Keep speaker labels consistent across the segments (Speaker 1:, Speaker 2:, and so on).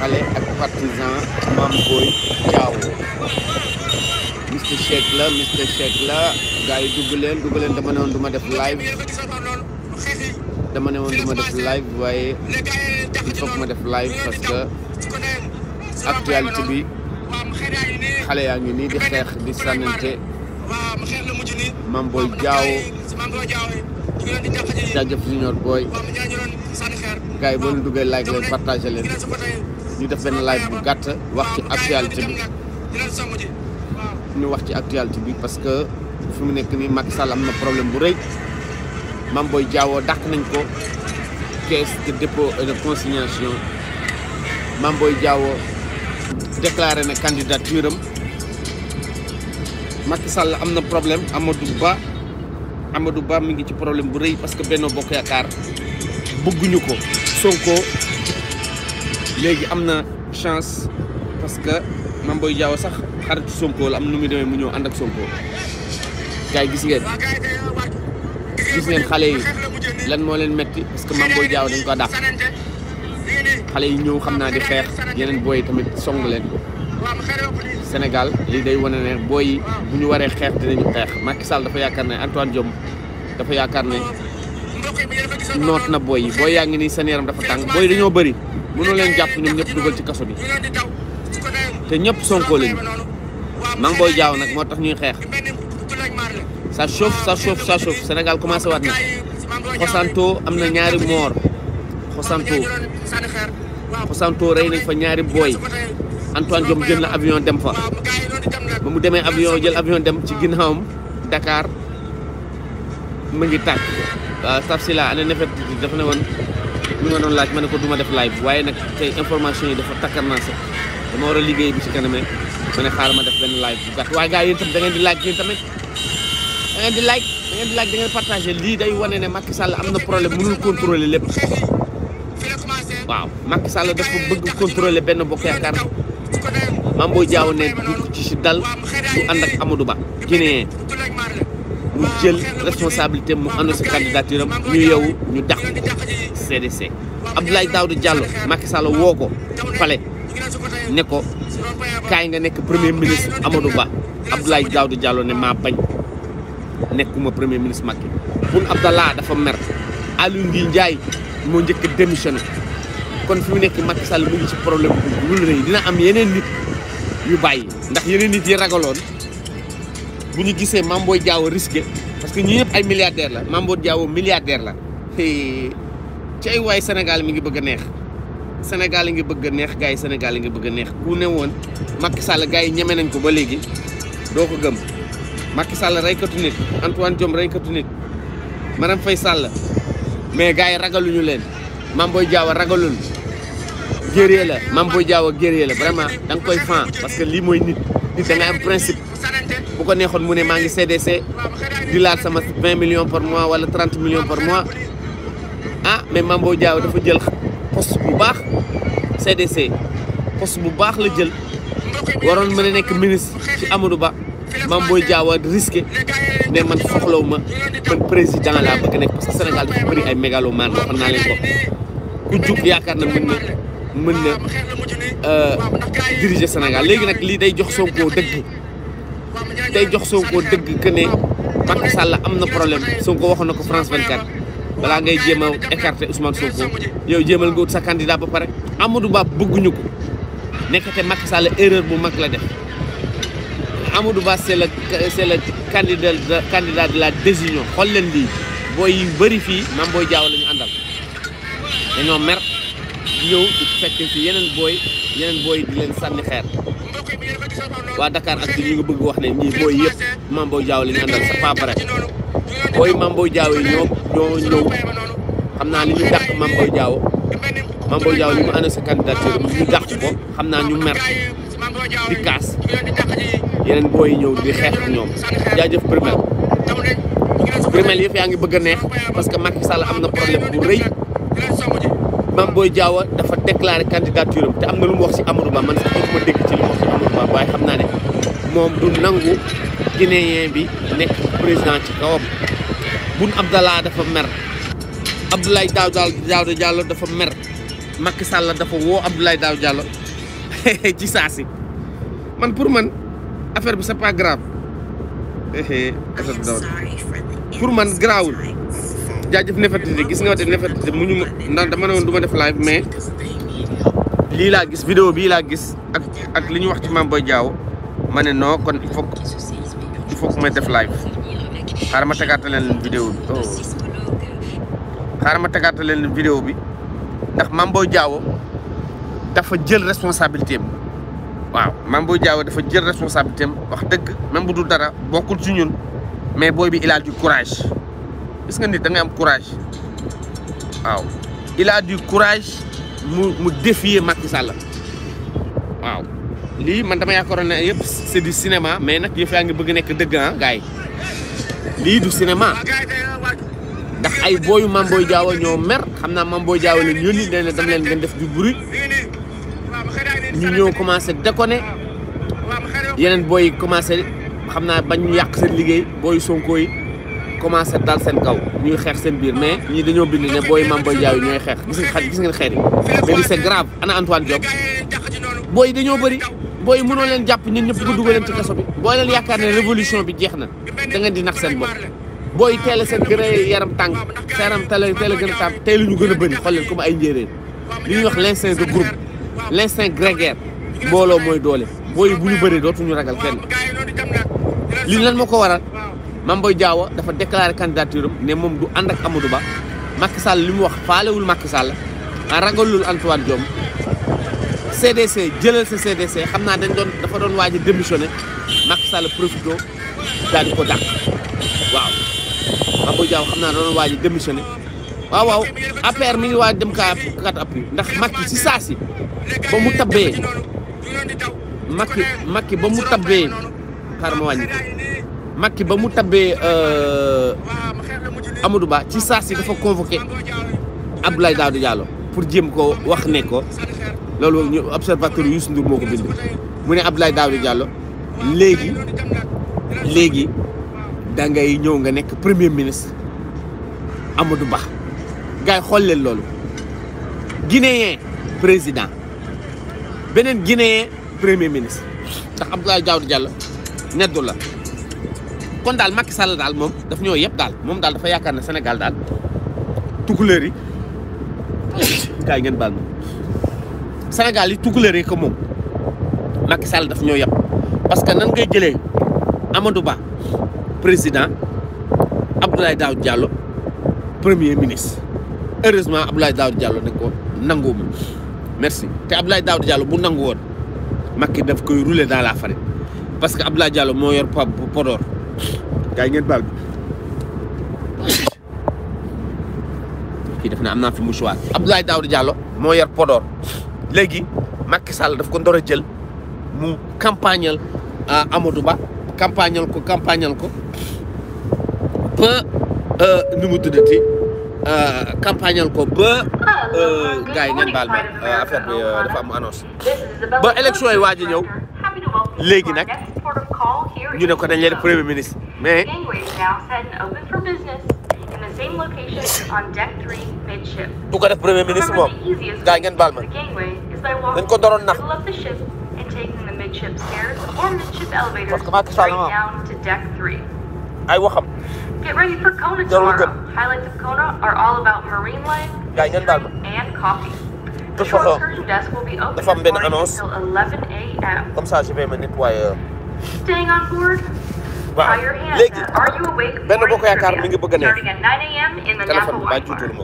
Speaker 1: xale ak partisan Mame Boye Diao la Mister Shake la gars yi dugg leen dugg leen dama ne woon du def live dama ne woon du ma def live waaye il faut ma def live parce que actualité bi xale yaa ngi nii di xeex di sànnante Mame Boye Diao jaajëf junior booy gars yi boo leen duggee like leen partager leen ñu def benn live bu gàtt wax ci actualité bi ñu wax ci actualité bi parce que fi mu nekk nii Macky Sall am na problème bu rëy Mame Boye Diao dàq nañ ko caisse de dépôt et de consignation Mame Boye Diao déclaré na candidature am Macky Sall am na problème Amadou Ba Amadou Ba mi ngi ci problème bu rëy parce que Benno Bokk Yaakaar bëgguñu ko Sonko légui amna chance parce que mam boy jaw sax xarit Sonko am nu muy mu ñëw ànd ak Sonko gay gis ngeen gis ngeen xalé yi lan mo leen metti parce que mam boy jaw dañ ko dàq xalé yi ñëw xamna naa di xeex yeneen booy tamit song leen ko Senegal li day wone ne boy yi bu ñu waré xex dinañu xex Macky Sall dafa yaakaar ne Antoine Diom dafa yaakaar ne noot na boy boy yang ini ngi nii seen yaram dafa tàng mënu leen jàpp ñoom ñëpp dugal ci kaso bi te ñëpp Sonko lañu Mame jaaw nag moo tax ñuy xeex ça chauffe ça chauffe Sénégal commencé waat na xosanto am na ñaari moor xosanto xosanto rey nañ fa ñaari booy Antoine Diome jël na avion dem fa mu demee avion jël avion dem ci ginnaawam Dakar mu ngi tàkk waaw Stapsila ana Nefertiti dafa ne woon lu nga doon laaj ma ne ko duma def live waaye nag tey information yi dafa takkar naa sax dama war a liggéey bi ci kanamee ma ne xaaral ma def benn live bu gàtt waaye gaa yéen tamit da di like yéen tamit da di like da ngeen di like da ngeen partagé day wane ne Macky Sall am na problème mënul contrôler lépp waaw Macky Sall dafa bëgg contrôler benn bokk yaakaar Mame Boye Diao ne du ci dal du ànd ak Amadou Ba guinéen mu jël responsabilité mu annoncé candidature am ñu yeewu ñu dàq ko CDC Abdoulaye Daouda Diallo Macky Sall woo ko fale ne ko kaay nga nekk premier ministre Amadou Ba Abdoulaye Daouda Diallo ne maa bañ nekkuma premier ministre Macky Boun Abdallah dafa mer Aliou Ngouille Ndiaye moo njëkk a kon fi mu nekk Macky Sall mu ngi ci problème bu wul rëy dina am yeneen nit yu bàyyi ndax yeneen nit yi ragaloon. bu ñu gisee Mamboy Diaw risqué parce que ñi ñëpp ay milliardaire la mambo Diaw milliardaire la ci ay waay Sénégal mi ngi bëgg a neex Sénégal yi ngi bëgg a neex gars yi Sénégal yi ngi bëgg a neex ku ne woon Macky Sall gars yi ñeme nañ ko ba léegi doo ko gëm Macky Sall reykatu nit Antoine Diome reykatu nit Marème Faye Sall mais gars yi ragaluñu leen mambo Diaw ragalul guerrier la mambo Diaw guerrier la vraiment da nga koy fan parce que lii mooy nit nit da nga am principe bu ko neexoon mu ne maa ngi CDC di laal sama 20 millions par mois wala 30 millions par mois ah mais Mambo Diaw dafa jël poste bu baax CDC poste bu baax la jël waroon mën a nekk ministre ci Amadou Ba Mambo Diaw a risqué ne man soxlaw ma man président laa bëgg nekk parce que Sénégal dafa bëri ay mégalomane waxoon naa leen ko ku jug yaakaar na mën na mën na euh, diriger Sénégal léegi nag lii day jox Sonko dëgg. tey jox soo ko dëgg que ne Macky am na problème Sonko waxoon na ko France 24 balaa ngay jéem écarte écarter Ousmane yow jéemal nga ut sa candidat ba pare. Amadou Ba bëgguñu ko nekkate Macky Sall erreur bu mag la def Amadou Ba la le c'est le candidat la désunion xool leen lii booy yu bëri fii mam booy jaaw la ñu àndal dañoo mer ñëw di fekk ci yeneen booy yeneen booy di leen sànni xeer. wa Dakar ak ci ñu bëgg wax né ñi booy yépp Mambo jaaw li ñandal sa papa pas vrai Mambo jaaw yi ñoom ñoo ñëw xam naa li ñu dakk Mambo jaaw Mambo jaaw ñu ana sa candidature ñu dakk ko xamna ñu mer di kaas yeneen boy ñew di xex ñoom jaajëf premier premier yëpp ya ngi bëgg a neex parce que Macky Sall amna problème bu reuy Mambo jaaw dafa déclarer candidature am te am lu mu wax ci Amadou Ba man sax ko dégg ci li Wade waaye xam naa ne moom du nangu guinéen bi nekk président ci kawam Boun Abdallah dafa mer Abdoulaye Daouda Diallo dafa mer Macky Sall dafa woo Abdoulaye Daouda Diallo ci saasi man pour man affaire bi c'est pas grave eh, eh, pour man grawul jaajëf Nefertiti gis nga te Nefertiti mu ñu ma dama ne woon du def live mais li la gis video bi la gis ak ak liñu wax ci Mame Boye Diao ma kon il faut il faut que may def live xaaral ma tegaatale leen vidéo bi oh xaaral ma tegaatale leen vidéo bi ndax Mame Boye Diao dafa jël responsabilité waaw Mame Boye Diao dafa jël responsabilité wax deug même bu du dara bokul ci ñun mais boy bi il a du courage gis nga ni da nga am courage waaw il a du courage mu mu défier Macky Sall waaw li man dama yaakaaroon ne c'est du cinéma mais nak yëf ya nga bëgg nek deug ah gaay li du cinéma ndax ay booyu Mamboy Diaw ñoo mer xamna naa Mamboy Diaw leen yoni nee na dama leen gën def du bruit ñu ñoo commencé déconné yenen boy commencé xamna bañ ñu yàq seen liggéey boy Sonko yi. commencé dal seen kaw ñuy xeex seen biir mais ñii dañoo bind ne booy Mame Boye Diao ñooy xeex gis nga gis ngeen xeet yi mais grave ana Antoine Diop booy dañoo bëri booy yi mënoo leen jàpp ñun ñëpp ko dugal ci kaso bi boo leen yaakaar ne révolution bi jeex na da ngeen di nax seen bopp booy teel seen gën a yaram tàng sa yaram teel teel a gën a tàng tey lu ñu gën a bëri xool leen comme ay njéeréer li ñuy wax l'instinct de groupe l'instinct grégaire mbooloo mooy doole booy bu ñu bëree dootuñu ragal kenn li Mame Boye Diao dafa déclaré candidature am ne moom du ànd ak Amadou Ba Macky Sall li mu wax faalewul Macky Sall ah, ragalul Antoine Diome CDC jëlal sa CDC xam naa dañ doon dafa doon waaj a démissionné Macky Sall profito daal di ko waaw Mame Boye xam naa da doon waaj a démissionné waaw waaw APR mi ngi waa dem kaa kat appui ndax Macky si saa si ba mu tabbee Macky Macky ba mu tabbee xaaral ma Macky ba mu tabee tabbee euh, Amadou baax ci saa si dafa convoqué Abdoulaye Daouda Diallo pour jéem ko wax ne ko loolu ñu observateur Youssou Ndour moo ko bind mu ne Abdoulaye Daouda Diallo léegi léegi da ngay ñëw nga nekk premier ministre Amadou Ba gars yi xool leen loolu guinéen président beneen guinéen premier ministre ndax Abdoulaye Daouda Diallo neddu la kon daal Macky sàll daal moom daf ñoo yëpp daal moom daal dafa yaakaar ne Sénégal daal tukulóor yi kaay ngeen baal moom Sénégal yi tukulóor yi ko moom Macky Sall daf ñoo yëpp parce que nan ngay jëlee Amadou Ba président Abdoulaye Daouda Diallo premier ministre heureusement Abdoulaye Daouda Diallo ne ko nangu ma merci te Abdoulaye Daouda Diallo bu nangu woon Macky daf koy rouler dans la farine parce que Abdoulaye Diallo moo yor Podor gars yi ngeen baal kii def na am naa fi mouchoir Abdoulaye Daouda Diallo moo yar Podor léegi Macky Sall daf ko ndor a jël mu campagnal euh, Amadou Ba campagnal ko campagnal ko ba euh, nu mu tuddati euh, campagnal ko ba gars yi ngeen baal ma affaire bi dafa am annonce ba élection yi waaj a ñëw léegi nag you know, could I get a prayer minutes? Man, now open for business in the same location on deck three midship. To get a the easiest guy and balmer. The gangway is by walking the middle of the ship and taking the midship stairs or midship elevators right down to deck three. I welcome. Get ready for Kona tomorrow. Highlights of Kona are all about marine life, guy and coffee. The short desk will be open until 11 a.m. Come, sir, I'm going to Staying on board. benn boo yaakaar mi bëgg a neex téléphone bi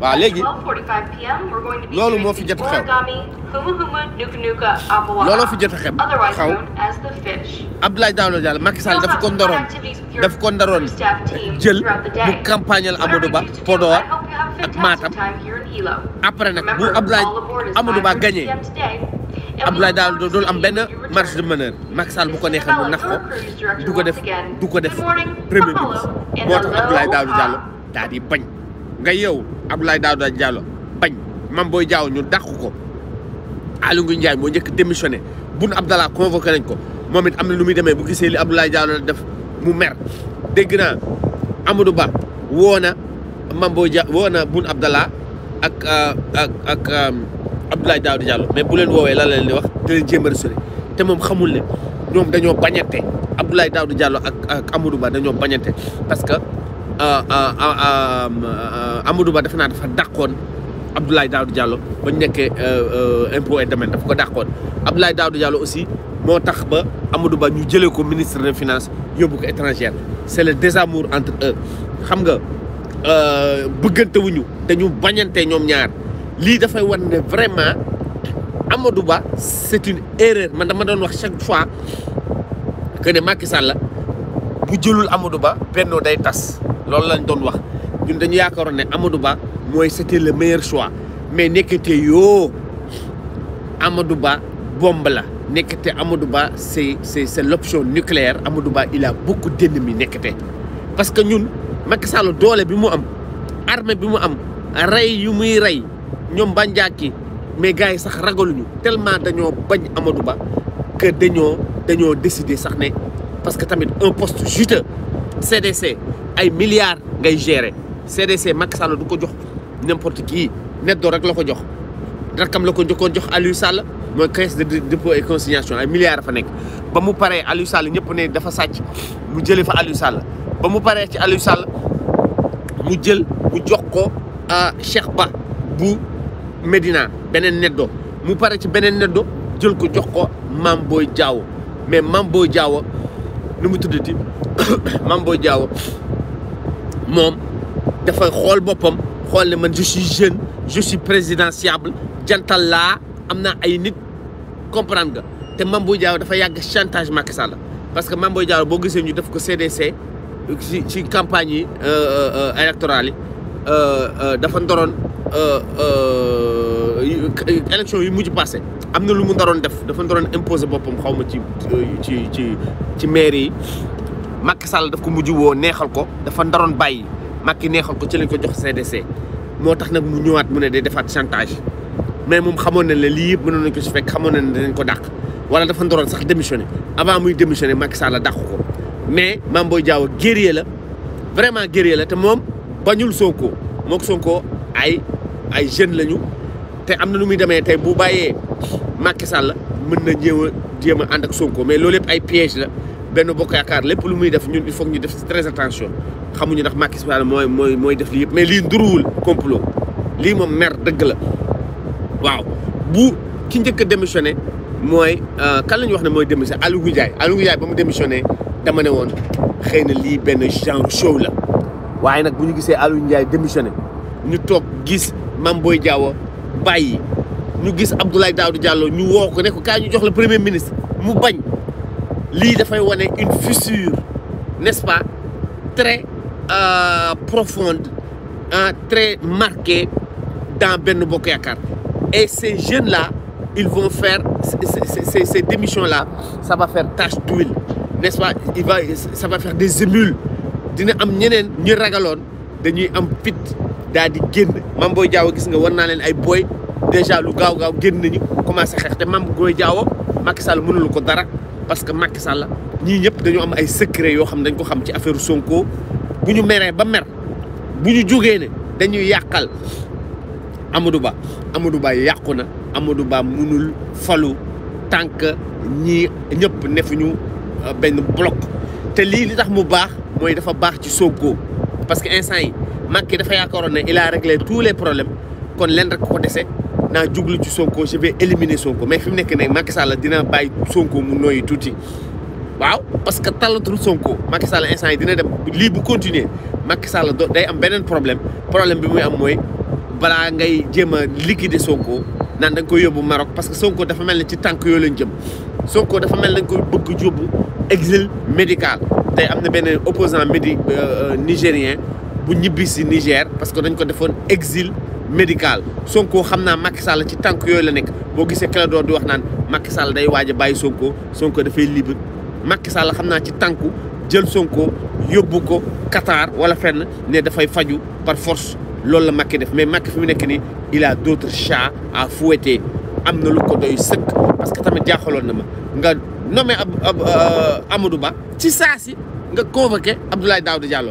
Speaker 1: maa juutalu loolu moo fi jot xew looloo fi jot a xew xaw Abdoulaye Daouda Diallo Macky Sall daf ko ndaroon daf ko jël mu campagnal Amadou Ba ak Matam après nag bu Abdoulaye Amadou Ba Abdoulaye daal doon am benn marge de manœuvre Macky bu ko neexee mu nax ko du ko def du ko def premier ministre moo tax Abdoulaye daal Diallo daal di bañ nga yow Abdoulaye Daouda Diallo bañ Mame Boye Diao ñu dàq ko Aly Ngouille Ndiaye moo njëkk démissionné Boun Abdallah convoqué nañ ko moom it am na lu muy demee bu gisee li Abdoulaye Diallo def mu mer dégg naa Amadou Ba woo na Mame Boye Diao woo na euh, ak ak. Euh, Abdoulaye Daouda jàllo mais bu leen woowee lan la leen di wax di leen jéem a te moom xamul ne ñoom dañoo bañante Abdoulaye Daouda Diallo ak ak Amadou Ba dañoo bañante parce que euh, euh, euh, Amadou Ba defe naa dafa dàqoon Abdoulaye Daouda jàllo ba ñu nekkee impôt et domaine dafa ko dàqoon daaw Daouda jàllo aussi moo tax ba Amadou Ba ñu jëlee ko ministre des finances yóbbu ko étrangère c'est le mour entre eux xam nga bëggante wuñu te ñu bañante ñoom ñaar. L'idée dire vraiment Amadou c'est une erreur man dama chaque fois que ne Macky Sall bu jëlul Amadou Ba day c'était le meilleur choix mais Nekete, yo Amadou Ba bombe la c'est l'option nucléaire Amadou il a beaucoup d'ennemis parce que nous, Macky Sall am armée ñom bañ mais gars yi sax ragaluñu tellement dañoo bañ Amadou Ba que dañoo dañoo décider sax né parce que tamit un poste juteux CDC ay milliards ngay gérer CDC Macky Sall du ko jox n'importe qui net rek la ko jox rakam la ko jox Aliou Sall caisse de dépôt et consignation ay milliards fa nek ba mu paré Aliou Sall ñepp né dafa sacc mu jëlé fa Aliou Sall ba mu paré ci Aliou Sall mu jël mu jox ko ah, Cheikh Ba bu Medina Benen neddo mu paré ci Benen neddo jël ko jox ko mais Mamboy Diaw mu Mamboy Je suis dafa xol bopam, xol suis man je suis jeune je suis présidentiable jantal suis amn'a ay nit comprendre nga Té Mamboy Diaw dafa yag chantage Macky Sall parce que Mamboy Diaw bo je ñu ko CDC ci ci campagne euh, euh, euh, électorale Je dafa Euh, euh, élection yu mujj passé am na lu mu ndaroon def dafa ndaroon imposer boppam xaw ma ci ci ci ci maire yi Macky Sall daf ko mujj woo neexal ko dafa ndaroon bàyyi Macky neexal ko ci lañ ko jox CDC moo tax nag mu ñëwaat mu ne day defaat chantage mais moom xamoon na ne lii yëpp mënoon nañ ko si fekk xamoon na ne dinañ ko dàq wala dafa ndaroon sax démissionné avant muy démissionné Macky Sall dàq ko mais Mame Boye Diao guerrier la vraiment guerrier la te moom bañul Sonko mook Sonko ay ay jeunes lañu te am na lu muy demee tey bu bàyyee Macky Sall mën na jéem a jéem a ànd ak Sonko mais loolu yëpp ay piège la benn bokk yaakaar lépp lu muy def ñun il faut ñu def très attention xamuñu ndax Macky Sall mooy mooy mooy def lii yëpp mais lii nduruwul complot lii moom mer dëgg la waaw bu ki njëkk a mooy euh, kan la ñuy wax ne mooy démissionné Aliou Ndiaye Aliou Ndiaye ba mu démissionné dama ne woon xëy na lii benn genre show la waaye nag bu ñu gisee Aliou Ndiaye démissionné ñu toog gis. Mame Boye Diao nous ñu gis Abdoulaye Daoud Diallo ñu wo ko ne ko ka ñu jox premier ministre mu bañ da fay une fissure n'est-ce pas très euh, profonde hein, très marquée dans Ben Boko et ces jeunes là ils vont faire ces ces démissions là ça va faire tache d'huile n'est-ce pas il va ça va faire des émules dina am ñeneen ñu ragalon, dañuy am fit daal di génn mam booy jaawo gis nga war naa leen ay booy dèjà lu gaaw gaaw génn nañu commencé xeex te mam booy jaawo Macky Sall mënul ko dara parce que Macky Sall ñii ñëpp dañu am ay secret yoo xam ne dañ ko xam ci affaire Sonko bu ñu meree ba mer bu ñu jógee ne dañuy yàqal Amadou Ba Amadou Ba yàqu na Amadou Ba mënul falu tànk ñii ñëpp nefuñu euh, benn bloc te lii li tax mu baax mooy dafa baax ci Sonko parce que instant yi Macky dafa yaakaaroon ne il a réglé tous les problèmes kon leen rek ko déssé na jublu ci Sonko je vais éliminer Sonko mais fim nek nekk Macky Sall dina bàyyi Sonko mu nooyi touti waaw parce que talatul Sonko Macky Sall instant dina dem li bu continuer Macky Sall day am benen problème problème bi muy am moy balaa ngay djema a liquider Sonko nan da nga koy Maroc parce que Sonko dafa mel ne ci tank yo len djem Sonko dafa mel ne dañ koy bëgg yóbbu exil médical tay amna benen opposant médi euh, euh, nigérien bu ñibbi si Niger parce que dañ ko defoon exil médical Sonko xam naa Macky Sall ci tànk yooyu la nekk boo gisee Clédor di wax naan Macky Sall day waaja a bàyyi Sonko Sonko dafay libre makki Sall xam naa ci tànku jël Sonko yóbbu ko Qatar wala fenn ne dafay faju par force loolu la makki def mais Macky fi mu nekk nii il a d'autres a à am na lu ko doy sëkk parce que tamit jaaxaloon na ma nga nommé ab Amadou Ba ci saa si nga convoqué Abdoulaye Daouda Diallo.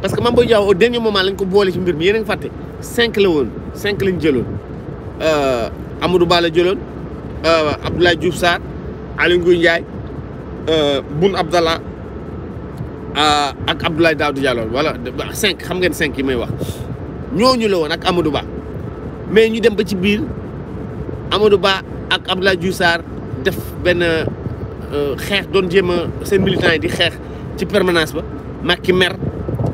Speaker 1: parce que Mame Boye Diao au dernier moment lañ ko boole ci mbir mi yéen a ngi fàtte cinq la woon cinq lañ jëloon euh, Amadou Ba la jëloon euh, Abdoulaye Diouf Sarr Aly Ngouille Ndiaye euh, Boun Abdallah ak Abdoulaye Daouda Diallo voilà cinq xam ngeen cinq yi may wax ñooñu la woon ak Amadou Ba mais ñu dem ba ci biir Amadou Ba ak Abdoulaye Diouf Sarr def benn xeex doon jéem a seen militants yi di xeex ci permanence ba ki mer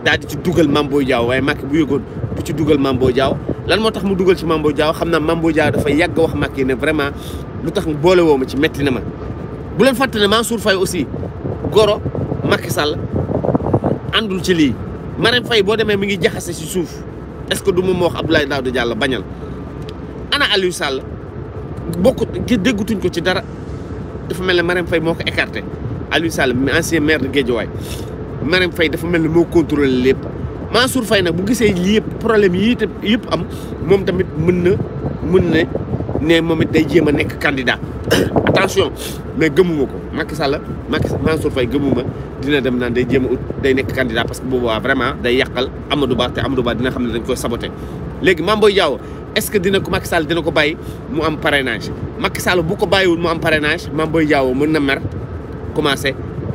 Speaker 1: daal di ci dugal Mamboy Diaw waaye màkke bu yëgoon bu ci dugal Mamboy Diaw lan moo tax mu dugal ci Mamboy Diaw xam naa Mamboy Diaw dafa yàgg wax Macky ne vraiment lu tax mu boole woo ma ci métti na ma. bu leen fàtte ne Mansour Faye aussi goro Macky sàll àndul ci lii Marème fay boo demee mi ngi jaxase ci suuf est-ce que du moom moo wax Abdoulaye Daouda Diallo bañal ana Aliou Sall bokkut déggutuñ ko ci dara dafa mel ne Marème Faye moo ko écarté Aliou Sall ancien maire de Marème fay dafa mel ni moo contrôlé lépp Mansour fay nag bu gisee lii yëpp yii yi yëpp am moom tamit mën na mën na ne moom it day jéem a nekk candidat attention mais gëmuma ko Macky Sall Macky Mansour Faye gëmuma dina dem naan day jéem a ut day nekk candidat parce que boobaa vraiment day yàqal Amadou Ba te Amadou Ba dina xam ne dañ koy saboté léegi Mame Boye Diao est-ce que dina ko Macky Sall dina ko bàyyi mu am parrainage Macky Sall bu ko bàyyiwul mu am parrainage Mame Boye Diao mën na mer commencé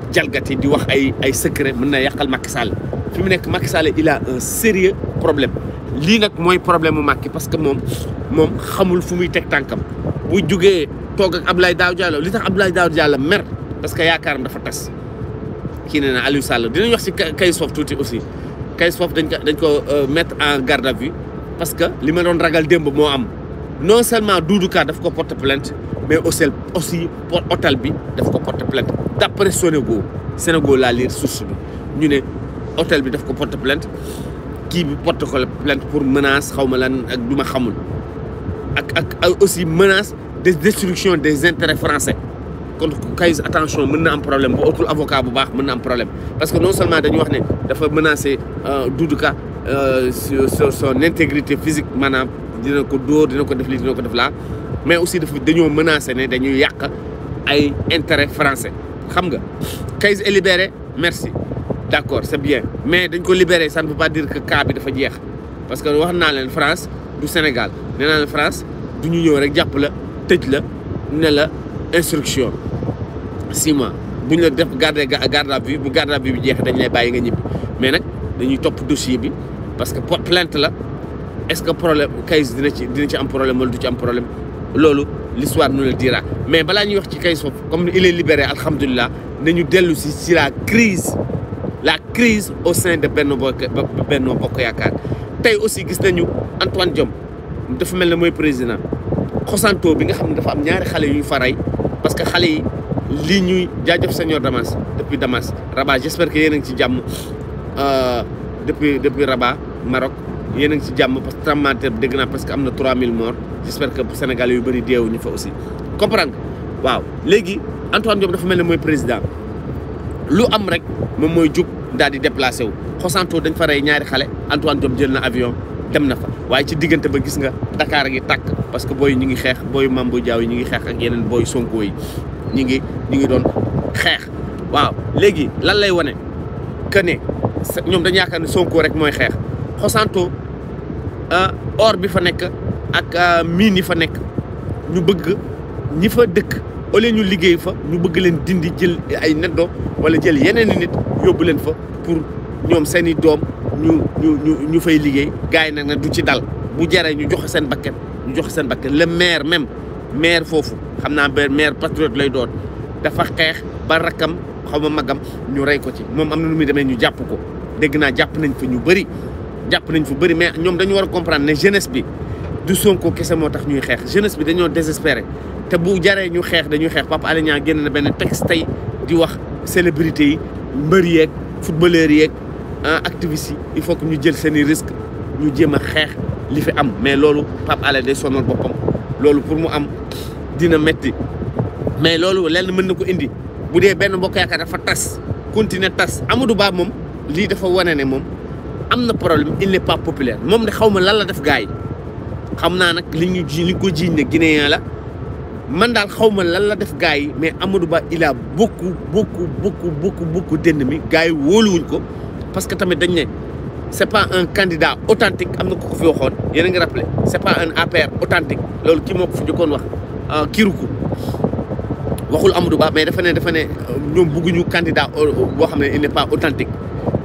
Speaker 1: jalgati di wax ay ay secret mën na yàqal Macky Sall fi mu nekk Macky Sall il a un sérieux problème lii nag mooy problème mu makki parce que moom moom xamul fu muy teg tànkam bu jugee toog ak Abdoulaye Daouda Diallo li tax Abdoulaye Daouda Diallo mer parce que yaakaaram dafa tas kii ne na Aliou Sall dinañ wax si kay soof tuuti aussi kay soof dañ ko dañ ko euh, mettre en garde à vue parce que li ma doon ragal démb moo am non seulement Doudou Ka daf ko porte plainte mais aussi pour hôtel bi daf ko porte plainte d'après après sénégal la lire source bi ñu ne hôtel bi daf ko porte plainte qui porte plainte pour menace xawma lan ak du xamul ak aussi menace de destruction des intérêts français contre kayis attention mën na am problème bu otul avocat bu baax mën na am problème parce que non seulement dañu wax né dafa menacer euh, euh, sur son intégrité physique manam dina ko dóor dina ko def li dina ko def la mais aussi dafa dañoo menacer ne dañuy yàq ay intérêt français xam nga Kayz est libéré merci d' accord c' est bien mais dañ ko libéré ça ne veut pas dire que cas bi dafa jeex parce que wax naa leen France du Sénégal nee naa leen France du ñu ñëw rek jàpp la tëj la ne la instruction six mois bu ñu la def garde garde à vue bu garde à vue bi jeex dañ lay bàyyi nga ñibbi mais nag dañuy topp dossier bi parce que plainte la est-ce que problème Kayz dina ci dina ci am problème wala du ci am problème lolu. l'histoire nous le dira mais balaa ñuy wax ci Kayz foofu comme il est libéré alhamdulilah nañu delu si la crise la crise au sein de Benno Bokk Benno Bokk Yaakaar tey aussi gis nañu Antoine diom dafa mel moy président xosanto bi nga xamne dafa am ñaari xale yuy faray parce que xalé yi lii ñuy jaajëf Seigneur Damas depuis Damas Rabat j'espère que yéen a ngi ci euh, depuis depuis Rabat Maroc yéen a ngi si jàmm parce que tremblement de terre dégg naa parce que am na 3000 morts j'espère que Sénégal yu bëri ñu fa aussi comprendre nga waaw léegi Antoine diop dafa mel ne mooy président lu am rek moom mooy jug daal di déplacé wu Xosanto dañ fa rey ñaari xale Antoine diop jël na avion dem na fa waaye ci diggante ba gis nga Dakar gi tàkk parce que booy ñu ngi xeex booy Mambo Diaw yi ñu ngi xeex ak yeneen booy Sonko yi ñu ngi ñu ngi doon xeex waaw léegi lan lay wane que ne ñoom dañu yaakaar ne Sonko rek mooy xeex xosanto euh, or bi fa nekk ak euh, miin yi fa nekk ñu bëgg ñi fa dëkk au ñu liggéey fa ñu bëgg leen dindi jël ay neddo wala jël yeneen nit yóbbu leen fa pour ñoom seen i doom ñu ñu ñu ñu fay liggéey gars yi nag na du ci dal bu jaree ñu jox seen bakkan ñu joxe seen bakkan le maire même maire foofu xam naa ba maire patriote lay doon dafa xeex ba rakkam xaw ma magam ñu rey ko ci moom am na nu muy demee ñu jàpp ko dégg naa jàpp nañ fa ñu bëri jàpp nañ fu bëri mais ñoom dañu war a comprendre ne jeunesse bi du Sonko kese moo tax ñuy xeex jeunesse bi dañoo désespéré te bu jaree ñu xeex dañuy xeex Pape Alé Niang génn na benn texte tey di wax célébrité yi mbër yeeg footballeur yeeg ah, activistes yi il faut que ñu jël seen i risque ñu jéem a xeex li fi am mais loolu Pape Alé day sonal boppam loolu pour mu am dina metti mais loolu lenn mën na ko indi bu dee benn mbokk yaakaar dafa tas continuer tas Amadou Ba moom lii dafa wane ne moom amna problème il n'est pas populaire mom de xawma lan la def gaay xamna nak naa li ñu li ko jiiñ ne guinéen la man dal xawma lan la def gaay mais Amadou Ba il a beaucoup beaucoup beaucoup beaucoup beaucoup d'ennemis gaay yi wuñ ko parce que tamit dañ ne c'est pas un candidat authentique amna ko ko fi waxoon yéen nga rappeler c'est pas un APR authentique lolou ki moko ko fi jëkkoon wax euh, Kirikou waxul Amadou Ba mais dafa ne dafa ne euh, ñoom bëgguñu candidat euh, bo xamné il n'est pas authentique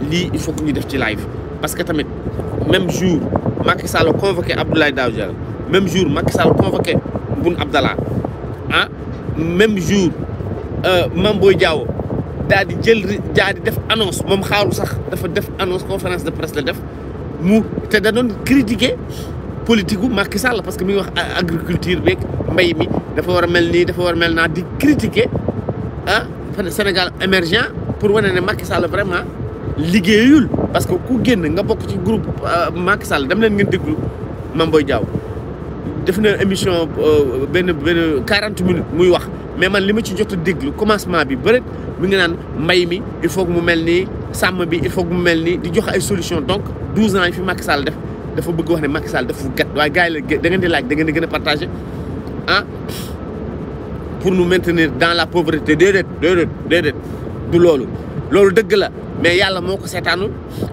Speaker 1: li il faut que nous def live parce que tamit même jour Macky Sall convoqué Abdoulaye Daouda même jour Macky Sall convoqué Boun Abdallah ah même jour euh, Mamboy Diao daal jël def annonce mom xaru sax dafa def annonce conférence de presse la def mu té da doon critiquer politique Macky Sall parce que mi wax agriculture beeg mbay mi dafa wara a mel nii dafa wara a mel di critiquer ah Sénégal émergent pour wone né Macky Sall vraiment liggéeyul parce que ku guen nga bok ci groupe euh, Macky Sall dem len ngeen deglu mam boy diaw def na émission ben ben 40 minutes muy wax mais man li ci jot deglu commencement bi bëri mi nga nan mbay mi il faut que mu melni sam bi il faut que mu melni di jox ay solution donc 12 ans fi Macky Sall def dafa bëgg wax ne Macky Sall dafa gàtt way gars la da ngeen di laaj da ngeen di gëna partager hein ah, pour nous maintenir dans la pauvreté déedéet déedéet déedéet du loolu loolu dëgg la mais yàlla moo ko seetaanul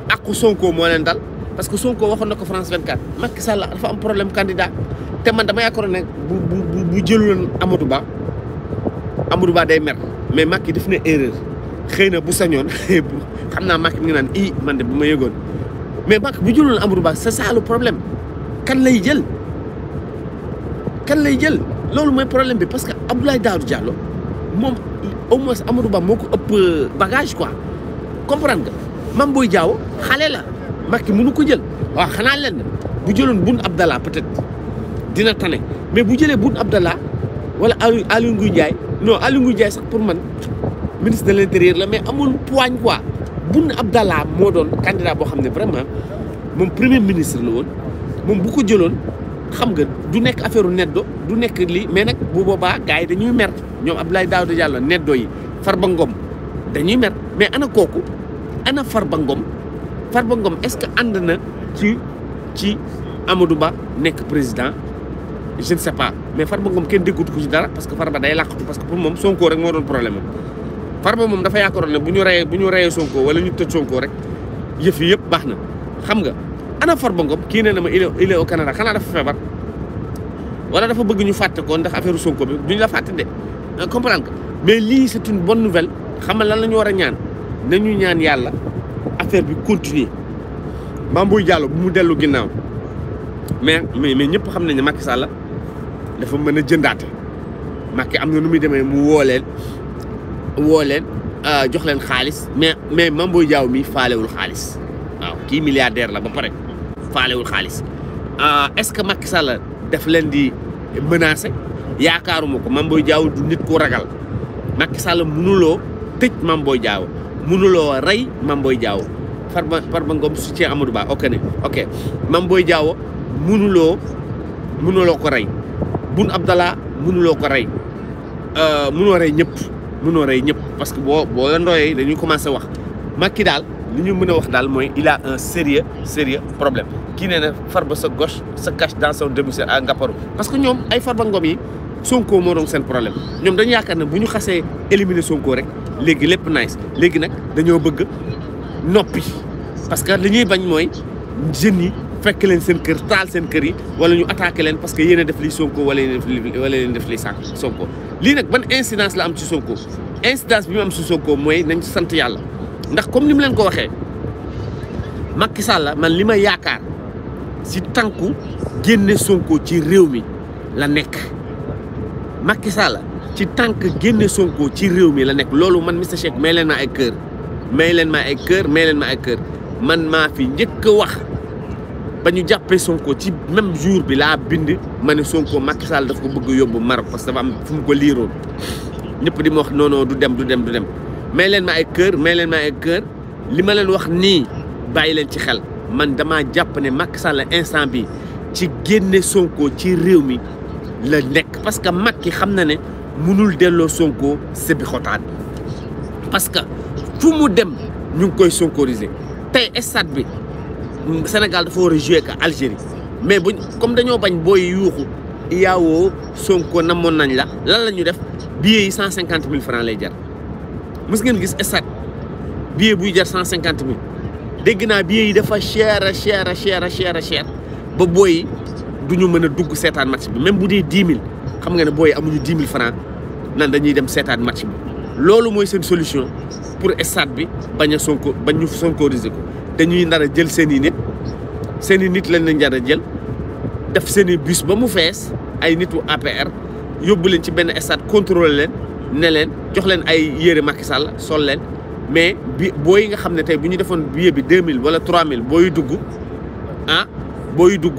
Speaker 1: àqu Sonko moo leen dal parce que Sonko waxoon na ko France 24 Macky Sall dafa am problème candidat te man dama yaakaaroon ne bu bu bu jëluloon Amadou day mer mais Macky def na xëy na bu sañoon xam naa Macky mi ngi naan man de bu ma yëgoon mais Macky bu jëluloon Amadou Ba c'est problème kan lay jël kan lay jël loolu mooy problème bi parce que Abdoulaye Daouda Diallo. moom au moins Amadou Ba moo ko ëpp euh, bagage quoi comprendre nga Mame Boye Diao xale la Macky mënu ko jël waaw xanaa lenn bu jëloon Boun Abdallah peut-être dina tane mais bu jëlee Boun Abdallah wala Aliou Ngouille Ndiaye non Aliou Ngouille Ndiaye sax pour man ministre de l'intérieur la mais amul poigne quoi Boun Abdallah moo doon candidat boo xam ne vraiment moom premier ministre la woon moom bu ko jëloon xam nga du nekk affaire u neddo du nekk lii mais nag. bu boobaa gars yi dañuy mer ñoom Abdoulaye Daouda Diallo neddo yi Farba Ngom dañuy mer mais ana kooku ana Farba Ngom Farba Ngom est-ce que ànd na ci ci Amadou Ba nekk président je ne sais pas mais Farba Ngom kenn déggut ko ci dara parce que Farba day làqatu parce que pour moom Sonko rek moo doon problème am Farba moom dafa yaakaaroon ne bu ñu reyee bu ñu reyee Sonko wala ñu tëj Sonko rek yëf yi yëpp baax na xam nga ana Farba Ngom kii nee na ma il est au Canada xanaa dafa feebar. wala dafa bëgg ñu fàtte ko ndax bi duñ la de euh, comprendre mais c'est une bonne nouvelle xam lan la ñu a ñaan nañu ñaan yàlla affaire bi continuer bu mais mais mais ñëpp xam nañ Macky Sall dafa a Macky nu muy euh, mais mais bambou diaw mi faalewul xaalis waaw milliardaire la ba euh, est-ce que Macky def leen di menacer yaakaaruma ko Mame Boye Diao du nit ku ragal Macky Sall mënuloo tëj Mame Boye Diao mënuloo rey Mame Boye Diao ba Farba Ngom soutien Amadou Ba ok ne ok Mame Boye Diao munuloo mënuloo ko rey Boun Abdallah munuloo ko rey euh, mënoo rey ñëpp mënoo rey ñëpp parce que boo boo la ndooyee dañuy commencé wax Macky daal li ñu mën a wax daal mooy il un sérieux sérieux problème kii nee na Farba sa gauche sa cache dans son demi-cercle parce que ñoom ay Farba Ngom yi Sonko moo doon seen problème ñoom dañu yaakaar ne bu ñu xasee éliminer sonkoo rek léegi lépp nice léegi nag dañoo bëgg noppi parce que li ñuy bañ mooy jeunes yi fekk leen seen kër taal seen kër yi wala ñu attaque leen parce que yéen def lii Sonko wala yéen def lii wala yéen def lii sànq Sonko lii nag ban insidence la am si Sonko incidence bi mu am ci Sonko mooy nañ sant yàlla ndax comme ni leen ko waxee Macky Sall man li ma yaakaar. si Tankou génne Sonko ci réew la nek Macky Sall ci tànk génne Sonko ci réew la nek lolou man Mister Shake may leen ma ay kër may ma ay kër may ma ay kër man ma fi njëkk wax bañu jappé Sonko ci même jour bi la bind mané Sonko Macky Sall daf ko bëgg yobbu mar parce que dafa am fu mu ko liiroon ñëpp di wax non non du dem du dem du dem may ma ay kër may ma ay kër li ma leen wax ni bayi leen ci xel man dama japp ne Macky Sall instant bi ci Sonko ci mi le parce que Macky munul Sonko parce que fu mu dem ñu koy sonkoriser tay stade bi Sénégal dafa l'Algérie. Algérie mais comme dañoo bañ Sonko nañ la lan la def billet 150000 francs lay jar ngeen gis stade billet dégg naa bi yi dafa cher cher cher cher cher ba booy du ñu mën a dugg seetaan match bi même bu dee dix mille xam nga ne booy amuñu dix mille franc nan dañuy dem seetaan match bi loolu mooy seen solution pour estade bi bañ a sonko bañ ñu sonkoriser ko dañuy nar a jël seen nit seen i nit lañ leen jar a jël def seeni i ba mu fees ay nitu APR yóbbu leen ci benn stade contrôler leen ne leen jox leen ay yére Macky Sall sol leen mais bi boo yi nga xam ne tey bi ñu defoon billet bi deux mille wala trois mil booy dugg ah booy dugg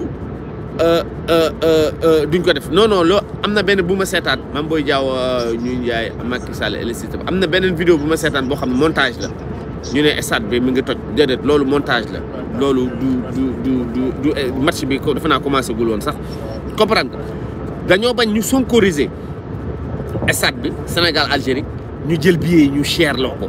Speaker 1: euh, euh, euh, duñ ko def non loo am na benn bu ma seetaan mam booy jaaw ñu jaay Macky Sall électricité am na beneen vidéo bu ma seetaan boo xam ne montage la ñu ne stade bi mi ngi toj déedéet loolu montage la loolu du du du du eh, match bi dafa naa commencé gul woon sax comprendre dañoo bañ ñu sonkoriser stade bi Sénégal Algérie ñu jël billet yi ñu cher loo ko.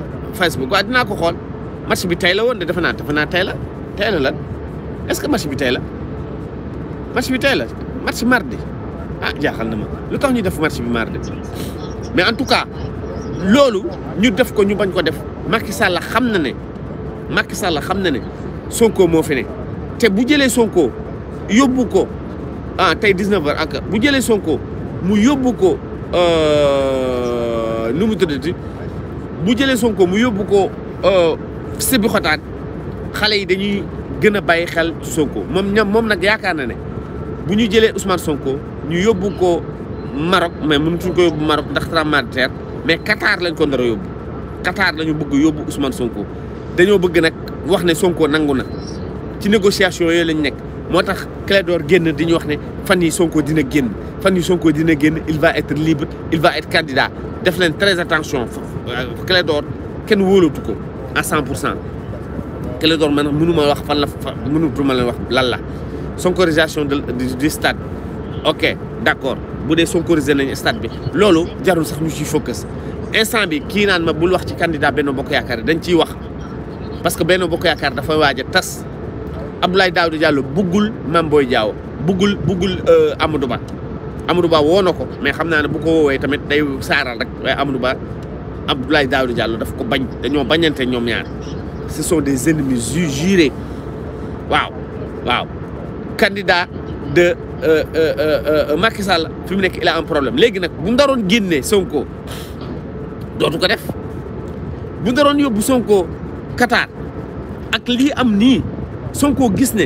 Speaker 1: Facebook waaw dinaa ko xool match bi tey la woon de defe naa defe naa tey la tey la lan est ce que match bi tey la match bi tey la match mardi ah jaaxal na ma lu tax ñu def match bi mardi mais en tout cas loolu ñu def ko ñu bañ ko def Macky Sall xam na ne Macky Sall xam na ne Sonko moo fi ne te bu jëlee Sonko yóbbu ko ah tey 19h ak bu jëlee Sonko mu yóbbu ko euh, nu mu tuddati. bu jëlee Sonko mu yóbbu ko euh, sëbi xotaan xale yi dañuy gën a bàyyi xel Sonko moom ñam moom nag yaakaar na ne bu ñu jëlee Ousmane Sonko ñu yóbbu ko Maroc mais mënatuñ ko yóbbu Maroc ndax tremblement de terre mais Qatar lañ ko nar a yóbbu Qatar lañu bëgg yóbbu Ousmane Sonko dañoo bëgg nag wax ne Sonko nangu na ci négociation yooyu lañ nekk. motax Clédor génn di ñu wax né fan yi Sonko dina génn fanny yi Sonko dina génn il va être libre il va être candidat def leen très attention euh, Clédor kenn wóolatu ko à cent pour cent Clédor man mënu ma wax fan la fa mënutuma leen wax lan la sonkorisation du stade ok d'accord accord bu dee sonkorisé nañu stade bi lolu jarul sax ñu ci focus instant bi ki naan ma bul wax ci candidat benn Bokk Yaakaar dañ ci wax parce que benn Bokk Yaakaar dafa waaj a tas Abdoulaye Daouda Diallo buggul Mame Boye Diao buggul buggul euh, Amadou Ba Amadou Ba woo na ko mais xam naa ne bu ko woowee tamit day saaral rek waaye Amadou Ba Abdoulaye Daouda Diallo daf ko bañ dañoo bañante ñoom ñaar ce sont des ennemis jurés waaw waaw candidat de euh, euh, Macky fi mu nekk il a un problème léegi nag bu ndaroon génnee Sonko dootu ko def bu yóbbu Sonko Qatar ak lii am nii Sonko gis ne